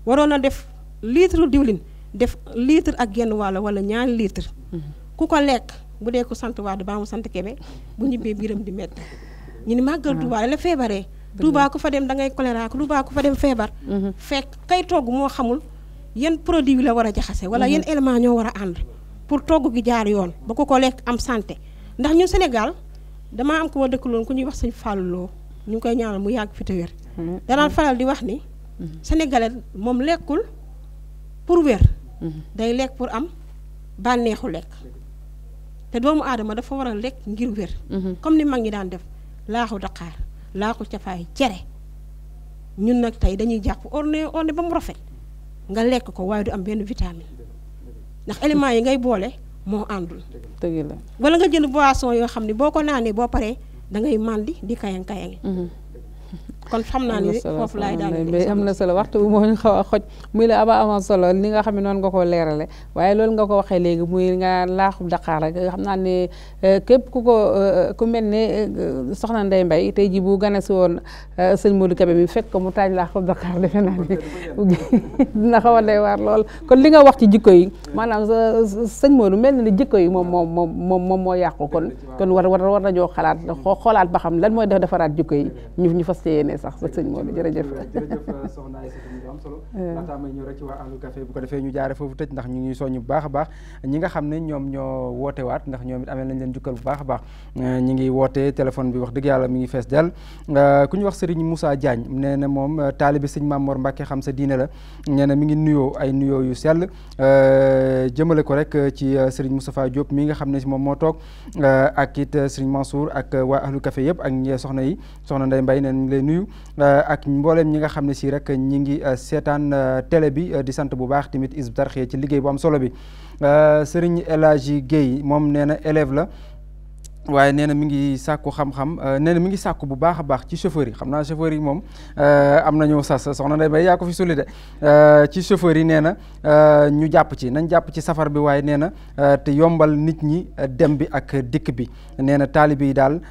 waroon def litre diwlin def litre ak genn wàll wala ñaari litre mm-hmm. ku ko lekk bu dee ko sant waadu baa mu sant kebe bu ñibbee biiram di metti ñu ni màggal Tuubaa ah. la feebaree Tuubaa ku fa dem da ngay choléra ko Tuubaa ku fa dem feebar mm-hmm. fekk kay togg moo xamul yan produit la war a jaxase wala yan mm-hmm. élément ñoo war a ànd pour togg gi jaar yoon ba ku ko lekk am santé ndax ñu Sénégal damaa am ku ma dëkkaloon ku ñuy wax sëñ Fallou ñu ngi koy ñaanal mu yàgg fi te wér di wax ni moom lekkul pour wér mhm. day lekk pour am bànneexu lekk te doomu aadama dafa war a lekk ngir wér mhm. comme ni mag ñi daan def laaxu daqaar laaxu cafaay cere ñun nag tey dañuy jàpp orne orne ba mu rafet nga lekk ko waaye du am benn vitamine ndax éléments yi ngay boole moo àndul dëgg la wala nga jënd boisson yoo xam ni boo ko naanee boo paree da ngay màndi di kayang kayang mhm. kon xam naa ni foofu laay am na solo waxtu bi moo ñu xaw muy la aba amoon solo li nga xam ne noonu nga koo leerale waaye loolu nga ko waxee léegi muy nga laaxub daqaar rek xam naa ne euh, képp ku ko euh, euh, ku mel ne soxna Ndeye Mbaye tey ji bu gane si woon sëñ moodu Kébé mi fekk ko mu taaj laaxub daqaar defe naa ne dina xaw a doy waar lool kon li nga wax ci jikko yi maanaam sëñ Modou mel na ni jikko yi moom moom moom moom moom moo yàqu kon kon war war war nañoo xalaat xoolaat ba xam lan mooy def defaraat jikko yi ñu ñu fas sax ba sëñ Modou jërëjëf jërëjëf soxna Aïssatou am solo euh. laataa may ñëw rek ci waa àllu café bu ko defee ñu jaare foofu tëj ndax ñu ngi soññu bu baax a baax ñi nga xam ne ñoom ñoo woote waat ndax ñoom it amee nañ leen jukkal bu baax a baax euh, ñi ngi woote téléphone bi wax dëgg yàlla mi ngi fees dell euh, ku ñu wax Serigne Moussa Diagne nee moom taalibe Serigne Mamor Mbacke xam sa diine la nee na mi ngi nuyoo ay nuyoo yu sell jëmale ko rek ci musa faa Diop mi nga xam ne si moom moo toog ak it Serigne Mansour ak waa ahlu café yëpp ak soxna yi soxna Ndeye Mbaye nee nañ lay nuyu seetaan euh, télé bi euh, di sant bu baax tamit Hizbut Tarqiyyah ci liggéey bu am solo bi euh, Serigne El Hadji Guèye moom nee na élève la waaye nee na mi ngi sàkku xam-xam euh, nee mi ngi sàkku bu baax a baax ci chauffeur yi xam naa chauffeur yi moom euh, am nañu sas soxna Ndeye Mbaye yaa ko fi sulli de euh, ci chauffeur yi nee na ñu jàpp ci nañ jàpp ci safar bi waaye nee na te yombal nit ñi dem bi ak dikk bi nee na taalibe yi daal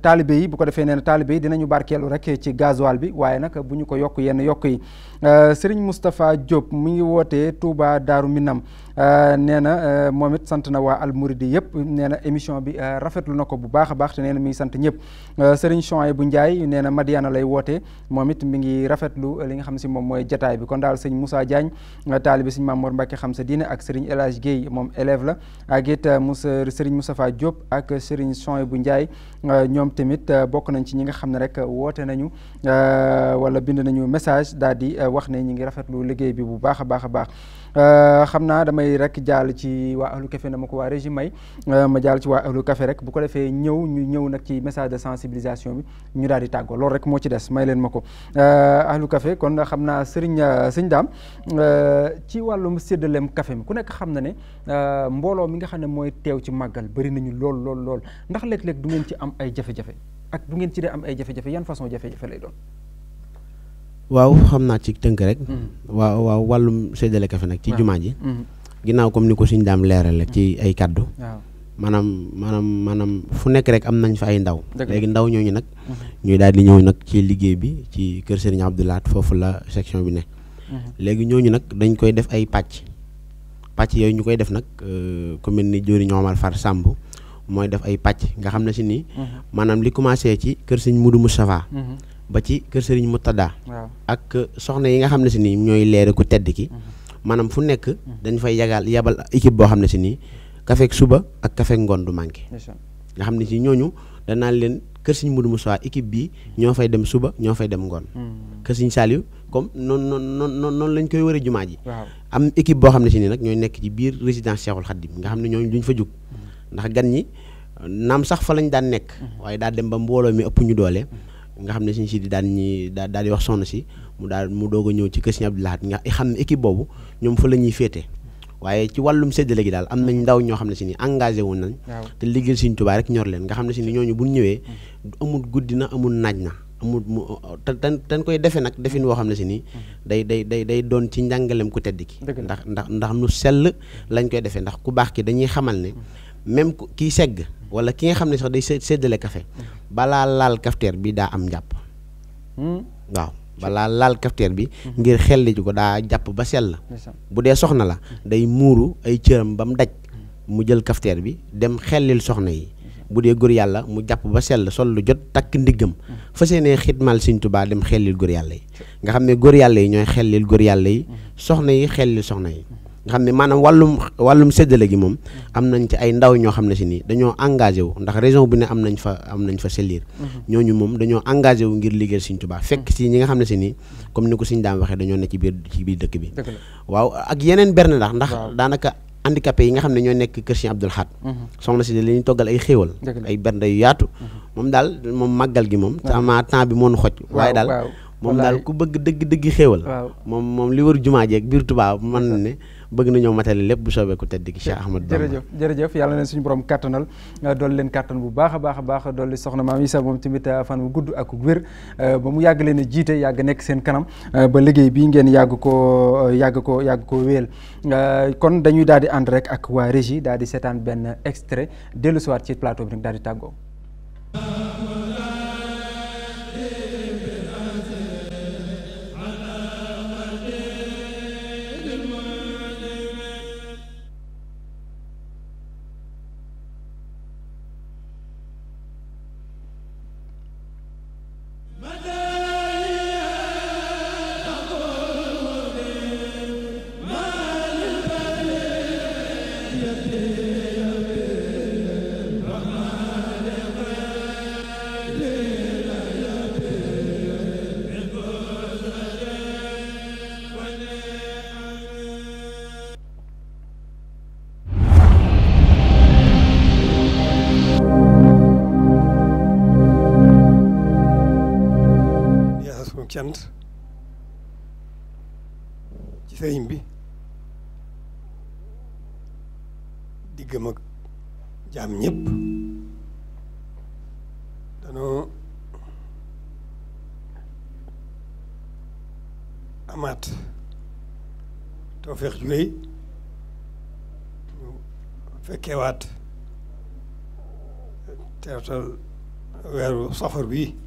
taalibe yi bu ko defee nee na taalibe dina ñu barkeelu rek ci gasoil bi waaye nag bu ñu ko yokk yenn yokk yi Euh, Serigne Moustapha Diop mu ngi wootee Touba Daaru Minam euh, nee na euh, moom it sant na waa almuridi yëpp nee na émission bi rafetlu na ko bu baax a baax te nee na mi ngi sant ñëpp Serigne Chouaye bu Ndiaye nee na Madiana lay wootee moom it mi ngi rafetlu li nga xam si moom mooy jataay bi kon daal sëñ Moussa Diagne taalibi sëñ Mamour Mbacke xam sa diine ak Serigne El Hadj moom élève la ak it Moussa Serigne Moustapha Diop ak Serigne Chouaye bu Ndiaye ñoom tamit bokk nañ ci ñi nga xam ne rek woote nañu wala bind nañu message daal di wax ne ñi ngi rafetlu liggéey bi bu baax a baax a baax euh, xam naa damay rek jàll ci waa ahlu café na ma ko waa régime may euh, ma jàll ci waa ahlu café rek bu ko defee ñëw ñu ñëw nag ci message de sensibilisation bi ñu daal di tàggoo loolu rek moo ci des may leen ma ko euh, ahlu kafe kon xam naa sëriñ sëñ daam ci wàllum séddaleem café mi ku nekk xam na ne mbooloo mi nga xam ne mooy teew ci màggal bari nañu lool lool lool ndax léeg-léeg du ngeen ci am ay jafe-jafe ak du ngeen ci dee am ay jafe yan façon jafe-jafe lay waaw xam naa ci tënk rek. Hmm. waaw waaw wàllum séddale kafe nag. ci jumaa ji. Hmm. ginnaaw comme ni ko suñ daam leeral rek ci hmm. ay kaddu. maanaam maanaam maanaam fu nekk rek am nañ fa ay ndaw. léegi ndaw ñooñu nag. ñuy daal di ñëw nag ci liggéey bi ci kër Serigne Abdou Lahat foofu la section bi ne. léegi ñooñu nag dañ koy def ay pàcc. pàcc yooyu ñu koy def nag euh, ku mel ni Diori Ñoomar Far Samb mooy def ay pàcc nga xam ne si ni. maanaam li commencé ci kër Serigne Moudou Moustapha. ba ci kër Serigne Moutada. ak soxna yi nga xam ne si nii ñooy leere ku tedd ki. Mhm. maanaam fu nekk. Mhm. dañ fay yagaal yabal équipe boo xam ne si nii kafeeg suba ak kafeeg ngoon du manqué. nga xam ne si ñooñu danaa leen kër Serigne Modou Moussa équipe bii mhm. ñoo fay dem suba ñoo fay dem ngoon. kër Serigne comme noonu noonu noonu noonu lañ koy wër a jumaa ji. am équipe boo xam ne si nii nag ñooy nekk ci biir résidence Cheikhoul Khadim nga xam ne ñooñu duñ fa jug. ndax gan ñi naam sax fa lañ daan nekk. waaye daa dem ba mbooloo mi ëpp ñu doole. nga xam ne suñ si di daan ñi daa daal di wax sonn si mu daal mu doog a ñëw ci kër Sëñ Abdou Lahad nga xam ne équipe boobu ñoom fa la ñuy féete waaye ci wàllum séddale gi daal am nañ ndaw ñoo xam ne si ni engagé wu nañ te liggéeyal Sëñ Tuubaa rek ñor leen nga xam ne si ni ñooñu bu ñëwee mm-hmm. amul guddi na amul naaj na amul mu ten ten koy defee nag defin woo xam ne si nii mm-hmm. day day day day doon ci njàngalem ku tedd ki ndax ndax ndax nu sell lañ koy defee ndax ku baax ki dañuy xamal ne mm-hmm. même kii segg wala ki nga xam ne sax day séddale kafe mm-hmm. balaa laal kafteer bi daa am njàpp hmm? waaw balaa laal cafetière bi mm-hmm. ngir xelliji ko daa jàpp ba sell la bu dee soxna la mm-hmm. day muuru ay cëram ba mu daj mu jël cafetière bi dem xellil soxna yi bu dee góor yàlla mu jàpp ba sell sol lu jot takk ndiggam fas yéenee xitmal Sëñ baa dem xellil góor yàlla yi nga xam ne góor yàlla yi ñooy xellil góor yàlla yi soxna yi xellil soxna yi nga xam ne maanaam wàllum wàllum séddale gi moom am nañ ci ay ndaw ñoo xam ne si nii dañoo engagé wu ndax région bu ne am nañ fa am nañ fa selliir mhm. ñooñu moom dañoo engagé wu ngir liggéeyal Sëriñ Tuubaa mhm. fekk si ñi nga xam ne si nii comme ni ko Sëriñ daam waxee dañoo ne ci biir ci biir dëkk bi waaw ak yeneen berne ndax ndax daanaka handicapé yi nga xam ne ñoo nekk kër Sëriñ Abdul Xaat mhm. soxna si li ñu toggal ay xéewal ay bernde yu yaatu moom daal moom maggal gi moom sama temps bi moonu xoj waaye daal moom daal ku bëgg dëgg dëgg xéewal moom moom li wër jumaa jeeg biir Tuubaa mën na ne bëgg nañoo matale lépp bu soobee ko tedd ki Cheikh Ahmad Bamba jërëjëf jërëjëf yàlla na suñu borom kattanal euh, dool leen kattan bu baax a baax a baax doolli soxna maam Issa moom tamit euh, fan bu gudd ak wér euh, ba mu yàgg leen a jiite yàgg nekk seen kanam ba liggéey bii ngeen yàgg koo yàgg koo yàgg koo wéel kon dañuy daal di ànd rek ak waa régie daal di seetaan benn extrait dellu siwaat ci plateau bi nag daal di tàggoo sunu cant ci sëriñ bi diggam ak jaam ñëpp danoo amaat tawfeex ju rëy ñu fekkeewaat tertal weeru safar bii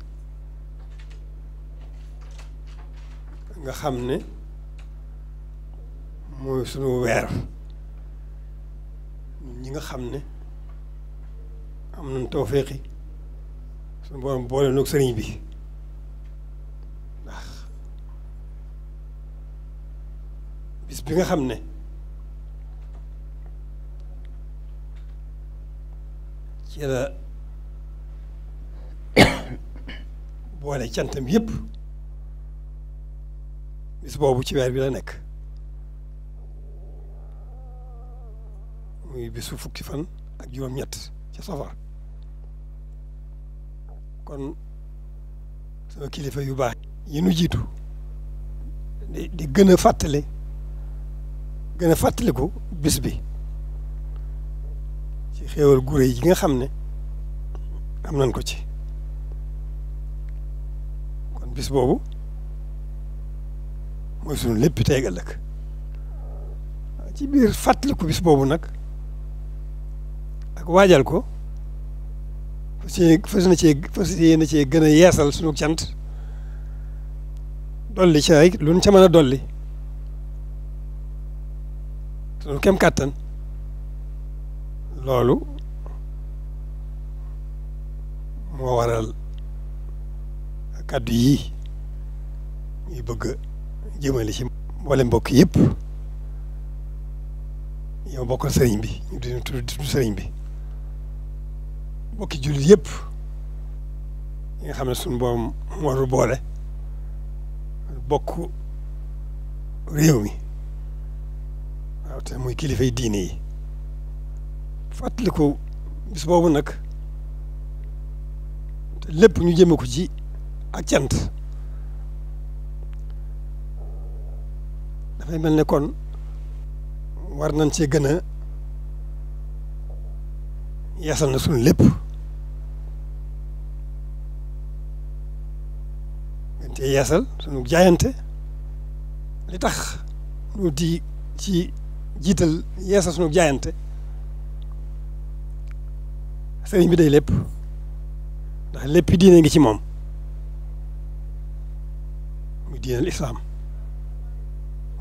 nga xam ne mooy sunu weer ñi nga xam ne am na tawféqi sunu borom boole noog sëriñ bi ndax bis bi nga xam ne ci la boole cantam yépp bis boobu ci weer bi la nekk muy bisu fukki fan ak juróom-ñett ci safar kon sama kilifa yu baax yi jiitu di di gën a fàttali gën a fàttaliku bis bi ci xewal gure yi nga xam ne am nañ ko ci kon bis boobu mooy sunu lépp tey ak ëllëg ci biir fàttaliku bis boobu nag ak waajal ko fas yéene fas na cee fas yéene cee gën a yeesal sunu cant dolli ca rek lu mën a dolli sunu kem kàttan loolu moo waral kàddu yii ñuy bëgg jëmale ci wala mbokk yëpp yow bokkal sëriñ bi ñu di tudd sëriñ bi bokki jullit yépp ñi nga xam ne suñu borom waru boole bokk réew mi waaw te muy kilifay diine yi fàttaliku bis boobu nag te lépp ñu jëme ko ci ak cant dafay mel ne kon war nañ ci gën a yeesal na suñu lépp gën cee yeesal suñu jaayante li tax ñu di ci jiital yeesal suñu jaayante sëriñ bi day lépp ndax lépp diine ngi ci moom muy diinal islaam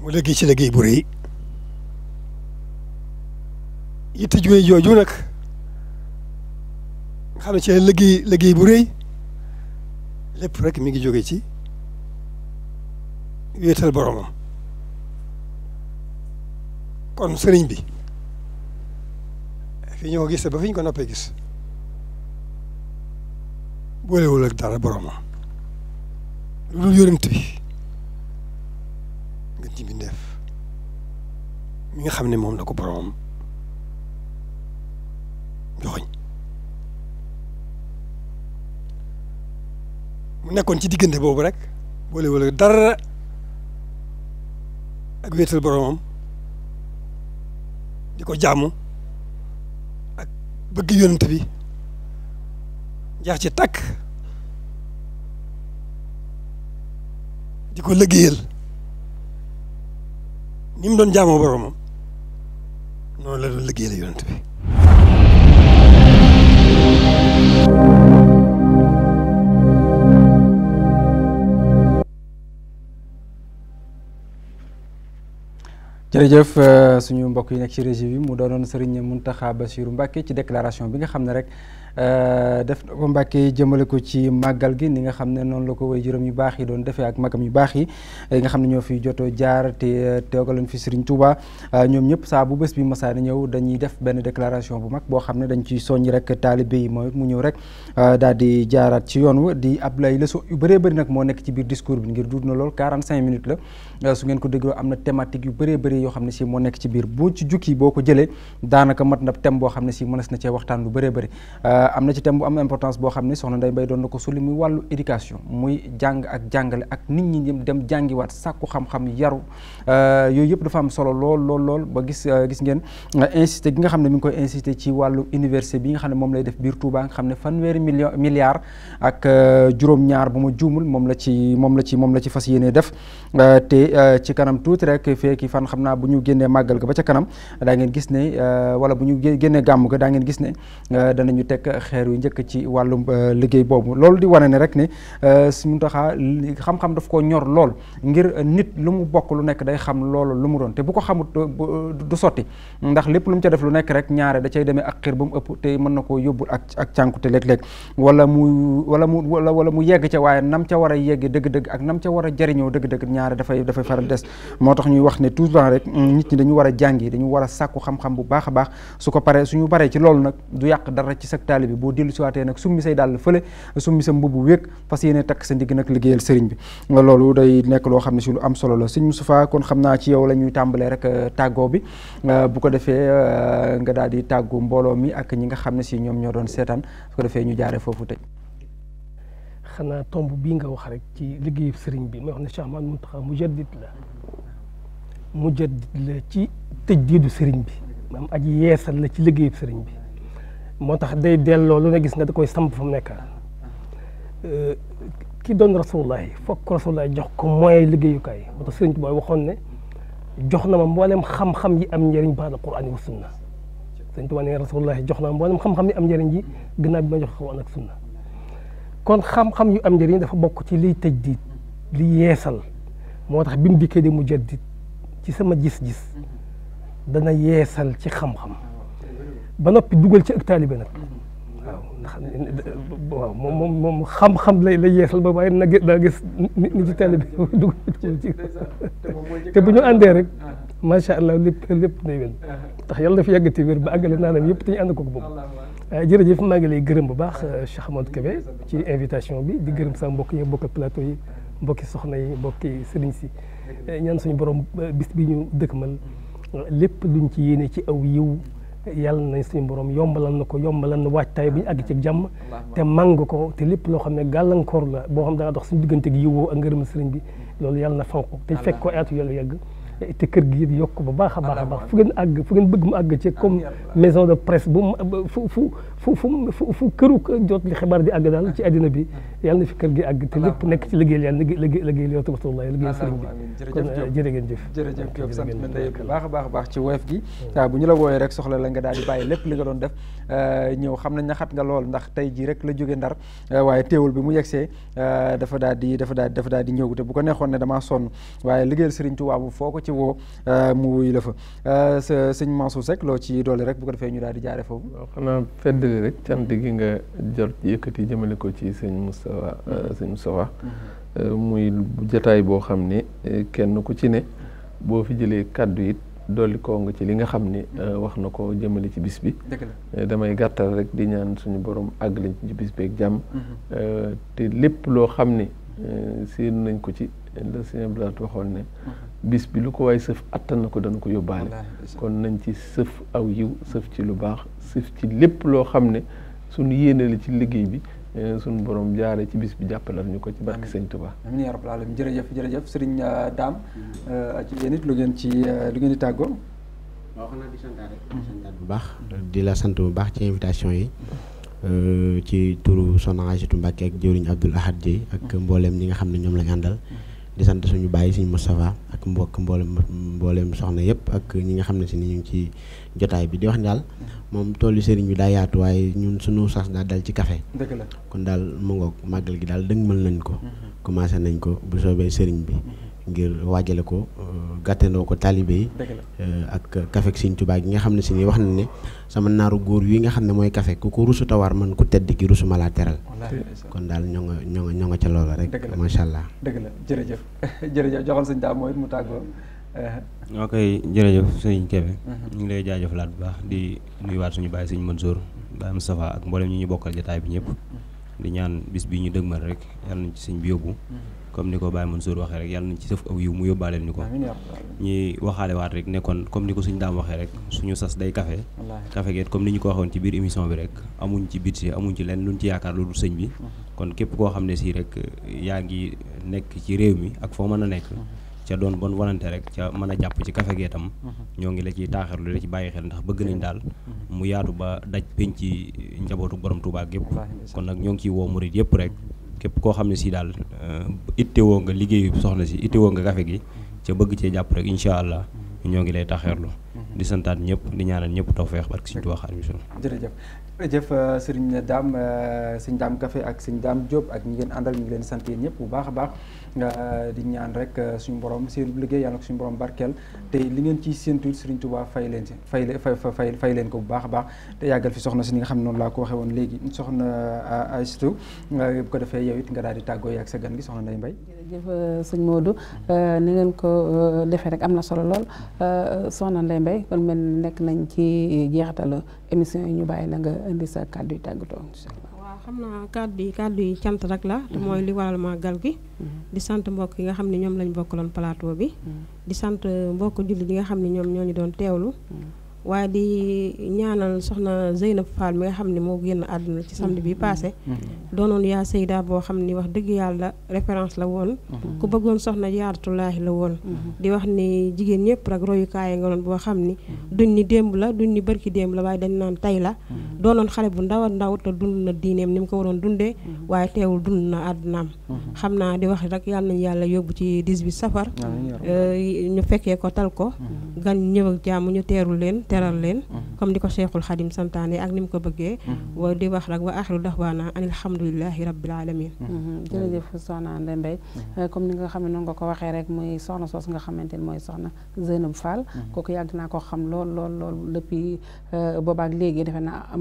mu liggéey ci liggéey bu rëy yitte ju jooju nag nga xam ne ci liggéey liggéey bu rëy lépp rek mi ngi jóge ci wéetal boromam kon sëriñ bi fii ñoo ko gisee ba fi ñu ko noppee gis boolewul ak dara boromam lu dul yonent bi ci mbindeef mi nga xam ne moom la ko boroom joxoñ mu nekkoon ci diggante boobu rek boole wala dara ak wéetal boroomam di ko jaamu ak bëgg yonent bi jeex ci takk di ko liggéeyal ni mu doon jaamoo boromam noonu la doon liggéey la yonent bi jërëjëf euh, suñu mbokk yi nekk ci régie bi mu doonoon Serigne Mountakha Bassirou Mbacké ci déclaration bi nga xam ne rek Euh, def na ko Mbàkke jëmale ko ci màggal gi ni nga xam ne noonu la ko way juróom yu baax yi doon defee ak magam yu baax yi nga xam ne ñoo fi joto jaar te euh, teogaloon fi Sëriñ Tuuba euh, ñoom ñëpp saa bu bés bi ne ñëw dañuy def benn déclaration bu mag boo xam ne dañ ciy soññ rek taalibe yi mooy mu ñëw rek daal di jaaraat ci yoon wa di ab lay leçon yu bëree bëri nag moo nekk ci biir discours bi ngir duud na lool 45 minutes la su ngeen ko dégloo am na thématique yu bëree bëri yoo xam ne si moo nekk ci biir boo ci jukki boo ko jëlee daanaka mat na thème boo xam ne si mënees na cee waxtaan lu bëree bëri am na ci thème bu am importance boo xam ne soxna Ndeye Mbaye doon na ko suli muy wàllu éducation muy jàng ak jàngale ak nit ñi dem jàngiwaat sàkku xam-xam yaru euh, yooyu yëpp dafa am solo lool lool lool ba gis euh, gis ngeen euh, insisté gi nga xam ne mu ngi koy insisté ci wàllu université bi nga xam ne moom lay def biir Touba nga xam ne fanweeri million milliard ak juróom-ñaar bu ma juumul moom la ci moom la ci moom la ci fas yéenee def te ci kanam tuuti rek feeki fan xam naa bu ñu génnee màggal ga ba ca kanam daa ngeen gis ne wala bu ñu génnee gàmm ga daa gis ne xeer yu njëkk ci wàllum euh, liggéey boobu loolu di wane ne rek ne euh, Sëriñ Muntaxa xam-xam daf koo ñor lool ngir euh, nit lu mu bokk lu nekk day xam loolu lu mu doon te bu ko xamut du sotti ndax lépp lu mu ca def lu nekk rek ñaare da cay demee ak xiir ba mu ëpp te mën na koo yóbbul ak ak cànkute léeg-léeg wala mu wala mu wala mu yegg ca waaye nam ca war a yegg dëgg-dëgg ak nam ca war a jëriñoo dëgg-dëgg ñaare dafay dafay faral des moo tax ñuy wax ne toujours rek mm, nit ñi dañu war a jàngi dañu war sàkku xam-xam bu baax a baax su ko paree suñu paree ci loolu nag du yàq dara ci sa taali tali bi boo dellu siwaatee nag summi say dàll fële summi sa mbubb wéeg fas yéene takk sa ndigg nag liggéeyal sëriñ bi loolu day nekk loo xam ne si lu am solo la sëñ Moustapha kon xam naa ci yow la ñuy tàmbalee rek euh, tàggoo bi euh, bu ko defee euh, nga daal di tàggu mbooloo mi ak ñi nga xam ne si ñoom ñoo doon seetaan su ko defee ñu jaare foofu tëj xanaa tomb bii nga wax rek ci liggéeyu sëriñ bi may wax ne Cheikh Mouhamadou Mountakha mujaddid la mujaddid la ci tëj sëriñ bi maanaam aji yeesal la ci liggéeyu sëriñ bi moo tax day delloo lu ne gis nga da koy samp fa mu nekk euh, ki doon rasulullahi fokk rasulullahi jox ko mooy liggéeyukaay moo tax sëriñ waxoon ne jox na ma mboolem xam-xam yi am njëriñ ba alquraan wa sunna sëriñ Tuubaa ne rasulullahi jox na ma mboolem xam-xam yi am njëriñ yi gannaaw bi ma jox alquraan ak sunna kon xam-xam yu am njëriñ dafa bokk ci liy tajdiid li yeesal moo tax bi mu dikkee di ci sama gis-gis dana yeesal ci xam-xam ba noppi dugal ci ak taalibe nag waaw waaw moom moom moom xam-xam lay lay yeesal ba waaye nag daa gis nit ci taalibe dugal ci te bu ñu àndee rek macha allah lépp lépp day wér ndax yàlla fi yàggati wér ba àggale naa leen yëpp te ñu ànd koog boobu jërëjëf maa ngi lay gërëm bu baax Cheikh Amadou Kébé ci invitation bi di gërëm sa mbokk yi mbokk plateau yi mbokki soxna yi mbokki sëriñ si ñaan suñu borom euh, bis bi ñu dëkkmal mm. lépp luñ ci yéene ci aw yiw yàlla na suñu borom yombalal na ko yombalan na waajtaay bu bi àgg ci jàmm te màng ko te lépp loo xam ne gàllankoor la boo xam daa dox si diggante gi yiwoo ak ngërëm sëriñ bi loolu yàlla na fanq ko te fekk ko aatu yàlla yegg te kër gi it yokk ba baax a baax a baax fu ngeen àgg fu ngeen bëgg mu àgg ci comme maison de presse bu fu fu fu fu fu këru jot li xibaar di àgg daal ci àddina bi yàlla na fi kër gi àgg te lépp nekk ci liggéeyal yàlla liggéeyal yow tamit wallahi liggéeyal baax a baax baax ci woyof gi waaw bu ñu la wooyee rek soxla la nga daal di bàyyi lépp li nga doon def euh, ñëw xam nañ naxat nga lool ndax tey jii rek la jóge ndar euh, waaye teewul bi mu yegsee euh, dafa daal di dafa daal dafa daal di te bu ko neexoon ne damaa sonn waaye liggéeyal sëriñ Tuubaa bu foo ko ci woo mu wuyu la fa sëñ Mansour Seck loo ci doole rek bu ñu daal di tàmbali rek cant gi nga jot yëkkati jëmale ko ci sëñ Moustapha mm-hmm. euh, sëñ Moustapha mm-hmm. euh, muy jataay boo xam ni euh, kenn ku ci ne mm-hmm. boo fi jëlee kàddu yit dolli koo nga ci li nga xam ni wax na ko jëmale ci bis bi damay gàttal rek di ñaan suñu borom àgg lañ ci bis beeg jàmm te lépp loo xam ni séen nañ ko ci la sëñ Blaat waxoon ne mhm. bis bi lu ko waay sëf attan na ko dana ko yóbbaale kon nañ ci sëf aw yiw sëf ci lu baax sëf ci lépp loo xam ne suñu yéene ci liggéey bi eh, suñu borom jaare ci bis bi jàppalal ñu ko ci barki sëñ Tuubaa amiin yaa rabbal aalamiin jërëjëf jërëjëf sëriñ eh, Daam mm-hmm. eh, ci yéen it lu ngeen ci lu ngeen di tàggoo waaw xanaa di mm-hmm. bu baax di la sant bu baax ci invitation yi mm-hmm. ci turu Soxna Aysatu Mbàkke ak jëwriñ Abdoul Ahad Dieye ak mbooleem ñi nga xam ne ñoom lañ àndal di sant suñu bàyyi suñu Moustapha ak mbokk mboolem mboolem soxna yëpp ak ñi nga xam ne si ni ñu ngi ci jotaay bi di wax daal moom toolu sëriñ bi daa yaatu waaye ñun suñu sas daal dal ci kafe kon daal mu màggal gi daal dëgmal nañ ko mhm. commencé nañ ko bu soobee sëriñ bi mhm. ngir waajale ko euh, gàttandoo ko taalibe yi euh, ak kafe ak Sëriñ Tuubaa gi nga xam ne si ni wax na ne sama naaru góor yi nga xam ne mooy kafe ku ko rusu tawaar man ku tedd ki rusu ma laa teral kon daal ñoo nga ñoo nga ñoo nga ca loola rek masha allah dëgg la jërëjëf jërëjëf joxal sëñ daa mooy mu tàggoo waa koy jërëjëf sëñ Kebe mhm. ñu ngi lay jaajëfalaat bu baax di nuyuwaat suñu bàyyi sëñ Mansour am Moustapha ak mboolem ñu ñu bokkal jataay bi ñëpp mhm. di ñaan bis bi ñu dëgmal rek yàlla nañ ci sëñ bi yóbbu mhm. comme ni ko Baye Mansour waxee rek yàlla nañ ci sëf aw yiw mu yóbbaaleel ñu ko ñuy waxaale waat rek nekkoon comme ni ko suñ daam waxee rek suñu sas day café café geet comme ni ñu ko waxoon ci biir émission bi rek amuñ ci budget amuñ ci lenn luñ ci yaakaar loolu sëñ bi mhm. kon képp koo xam ne si rek yaa ngi nekk ci réew mi ak foo mën a nekk mhm. ca doon bon wanante rek ca man a jàpp ci café gi itam mhm. ñoo ngi la ciy taaxirlu la ci bàyyi xel ndax bëgg nañ daal mu yaatu ba daj penc ci njabootu borom Tuubaa gépp kon nag ñoo ngi ciy woo murit képp koo xam ne si daal euh, ittewoo nga liggéeyu soxna si ittewoo nga kafe gi ca bëgg cee jàpp rek incha allah ñoo ngi lay taxeerlu mm-hmm. di santaat ñëpp di ñaanal ñëpp tawfeex barke suñu Tuubaa Xaadimu Rasuul jërëjëf jërëjëf euh, sëriñ Dame euh, sëñ Dame Café ak sëñ Dame Diop ak ñi ngeen àndal ñu ngi leen sant yéen bu baax a baax Euh, di ñaan rek euh, suñu borom seen liggéey yàlla ko suñu borom barkeel te li ngeen ci séentu Serigne Touba fay leen si fay leen fay fay leen ko bu baax a baax te yàggal fi soxna si ni nga xam ne noonu laa ko waxee woon léegi soxna euh, Aïssatou bu ko defee yow it nga daal di tàggoo ak sa gan gi soxna Ndeye Mbaye jërëjëf sëñ Modou ni ngeen ko defee rek am na solo lool soxna Ndeye Mbaye kon mel nekk nañ ci jeexitalu émission yi ñu bàyyi na nga indi sa kàddu yi tàggatoo incha xam naa kàddu yi kàddu yi cant rek la te mooy li waral màggal gi di sant mbokk yi nga xam ne ñoom lañ bokkaloon plateau bi mm. di sant uh, mbokk jullit yi nga xam ne ñoom ñoo ñu doon teewlu waaye di ñaanal soxna Zeynab Fall mi nga xam ne moo génn àdduna ci samedi bi passé mm-hmm. Mm-hmm. doonoon yaa Seyda boo xam ni wax dëgg yàlla référence la woon mm-hmm. ku bëggoon soxna Jaaratullaahi la woon di wax ni jigéen ñëpp rek royukaay nga doon boo xam ni duñ ni démb la duñ ni bërki démb la waaye dañ naan tey la doonoon xale bu ndaw a ndaw dund na diineem ni mu ko waroon dundee waaye teewul dund na àddunaam xam naa di wax rek yàlla nañu yàlla yóbbu ci 18 safar euh, ñu fekkee ko tal ko gan ñëw ak teeru leen teral leen mhm. comme ni ko cheikhul xadim santaane ak ni mu ko bëggee mhm. wa di wax rek wa axiru daxwaana an alhamdulilahi rabbil alamin mhm. jërëjëf soxna Ndeye Mbaye euh, comme ni nga xam ne noonu ko waxee rek muy soxna soos nga xamante ni mooy soxna Zeynab Fall kooku yàgg naa ko xam lool lool lool depuis euh, boobaak léegi defe naa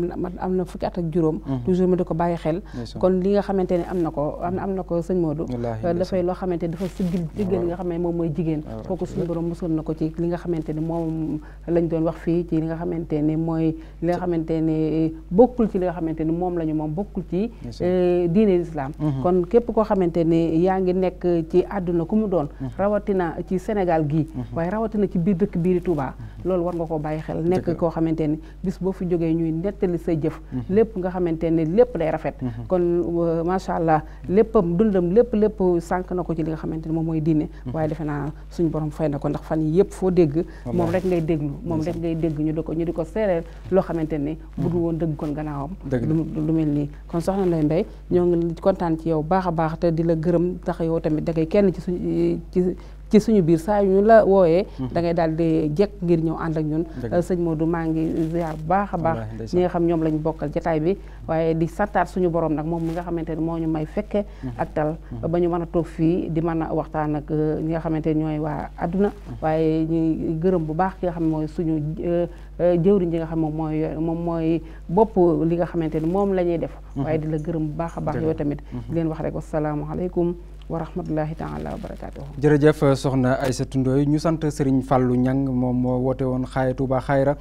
na fukki at ak juróom toujours ma di ko bàyyi xel kon li nga na ko am na ko sëñ Modou euh, dafay loo xamante ne dafa siggil jigéen li nga xam ne moom mooy jigéen kooku suñu borom mosul na ko ci li nga xamante ni moom lañ doon wax fii ci li nga xamante ne mooy li nga xamante ne eh, bokkul ci li nga xamante ni moom la ñu moom bokkul ci eh, diine lislaam mm-hmm. kon képp koo xamante ne yaa ngi nekk ci àdduna ku mu doon mm-hmm. rawatina ci Sénégal gii mm-hmm. waaye rawatina ci biir dëkk biiri Touba loolu war nga ko bàyyi xel nekk koo xamante ni bis boo fi jógee ñuy nettali say jëf lépp nga xamante ne lépp day rafet kon euh, macha allah léppam dundam lépp lépp sànq na ko ci li nga xamante ne moom mooy diine waaye defe naa suñu borom fay na ko ndax fan yëpp foo dégg dëgg ñu di ko ñu di ko seereel loo xamante ni bu woon dëgg kon gannaawam lu mel nii kon soxna lay mbay ñoo ngi kontaan ci yow baax a baax te di la gërëm tax yow tamit da kenn ci suñ ci ci suñu biir saa yu ñu la wooyee mhm. dangay ngay daal di jekk ngir ñëw ànd ak ñun euh, sëñ du maa ngi ziar bu baax a baax ñi nga xam ñoom lañ bokkal jataay bi waaye di santaat suñu borom nag moom mi nga xamante ne moo ñu may fekke mhm. ak tal mhm. ba ñu mën a toog fii di mën a waxtaan ak euh, ñi nga xamante ne ñooy waa àdduna waaye ñuy gërëm bu baax ki nga xam mooy suñu euh, jëwriñ ji nga xam moom mooy moom mooy bopp li nga xamante ni moom la ñuy def waaye di la gërëm bu baax a baax yow tamit leen wax rek wasalaamaaleykum wa rahmatullahi jërëjëf soxna Aysatu Ndoy ñu sant Serigne Fallou Niang moom moo woote woon xaaya Touba xayra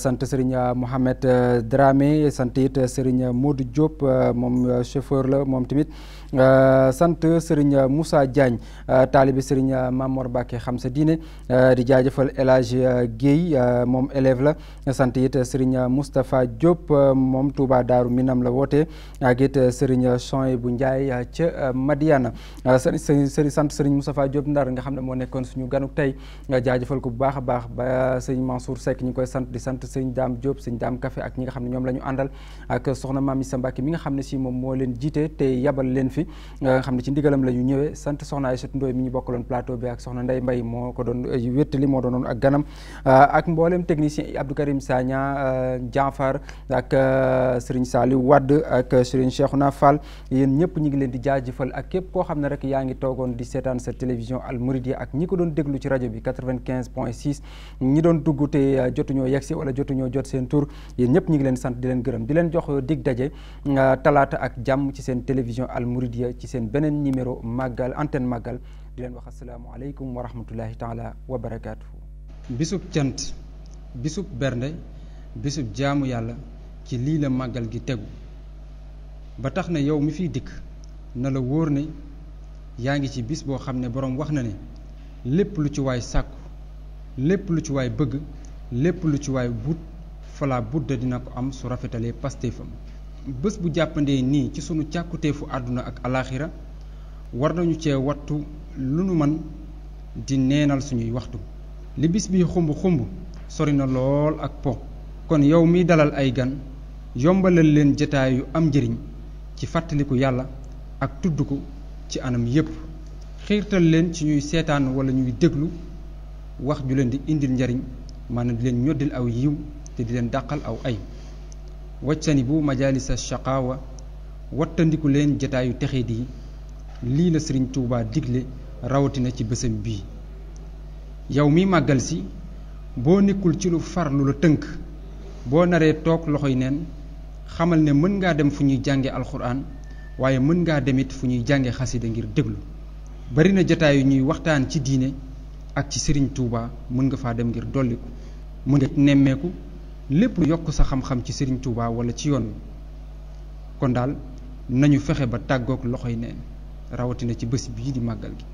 sant Serigne Mohamed Dramé sant it Serigne Modou Diop moom chauffeur la moom tamit Euh, sant Serigne Moussa Diagne euh, taalibe Serigne Mamor Mbacke xam sa diine euh, di jaajëfal El Hadj Guèye moom élève la sant it Serigne Moustapha Diop moom Touba Daaru Minam la woote ak sëriñ Serigne Chony bu Ndiaye ca Madiana sëriñ sant Serigne Moustapha Diop Ndar nga xam ne moo nekkoon suñu ganuk tey jaajafal ko bu baax a baax ba Serigne Mansour Seck ñu koy sant di sant Serigne daam Diop Serigne Dame Café ak ñi nga xam ne ñoom la ñu àndal ak soxna Mami Sambaki mi nga xam ne si moom moo fi ah. nga xam ne ci ndigalam la ñu ñëwee sant soxna Aïssatou Ndoye mi ñu bokkaloon plateau bi ak soxna Ndeye Mbaye moo ko doon wéttali moo doonoon ak ganam ah, ak mboolem technicien yi Abdou Karim Sagna ah, Diafar ak Serigne Saliou Wade ak Serigne Cheikhouna Fall yéen ñëpp ñu ngi leen di jaajëfal ak képp koo xam ne rek yaa ngi toogoon di seetaan sa télévision Al Mouridiyyah ak ñi ko doon déglu ci rajo bi 95 point 6 ñi doon dugg te jotuñoo yegsi wala jotuñoo jot seen tur yéen ñëpp ñu ngi leen sant di leen gërëm di leen jox dig daje ci seen beneen numéro màggal antenne màggal di leen wax asalaamualeykum wa rahmatullahi taala wa barakaatuhu bisub cant bisub bernde bisub jaamu yàlla ci lii la màggal gi tegu ba tax na yow mi fiy dikk na la wóor ne yaa ngi ci bis boo xam ne boroom wax na ne lépp lu ci waay sàkku lépp lu ci waay bëgg lépp lu ci waay wut fala budda dina ko am su rafetalee pastéefam bés bu jàppandee nii ci sunu càkkuteefu àdduna ak alaaxira war nañu cee wattu lu nu man di neenal suñuy waxtu li bis bi xumb xumb sori na lool ak po kon yow miy dalal ay gan yombalal leen jataay yu am njëriñ ci fàttaliku yàlla ak tudd ko ci anam yépp xiirtal leen ci ñuy seetaan wala ñuy déglu wax ju leen di indil njariñ maanaam di leen ñoddil aw yiw te di leen dàqal aw ay wajtanibu majalisa shaqaawa wattandiku leen jataayu texe di lii la sëriñ Tuubaa digle rawatina ci bésam bi yow mi màggal si boo nekkul ci lu farlu la tënk boo naree toog loxoy neen xamal ne mën ngaa dem fu ñuy jànge alxuraan waaye mën ngaa demit fu ñuy jànge xasida ngir déglu bari na jataay yu ñuy waxtaan ci diine ak ci sëriñ Tuubaa mën nga faa dem ngir dolliku mu nga nemmeeku lépp yokk sa xam-xam ci Serigne Touba wala ci yoon kon daal nañu fexe ba tàggoog loxoy neen rawatina ci bés bii di màggal gi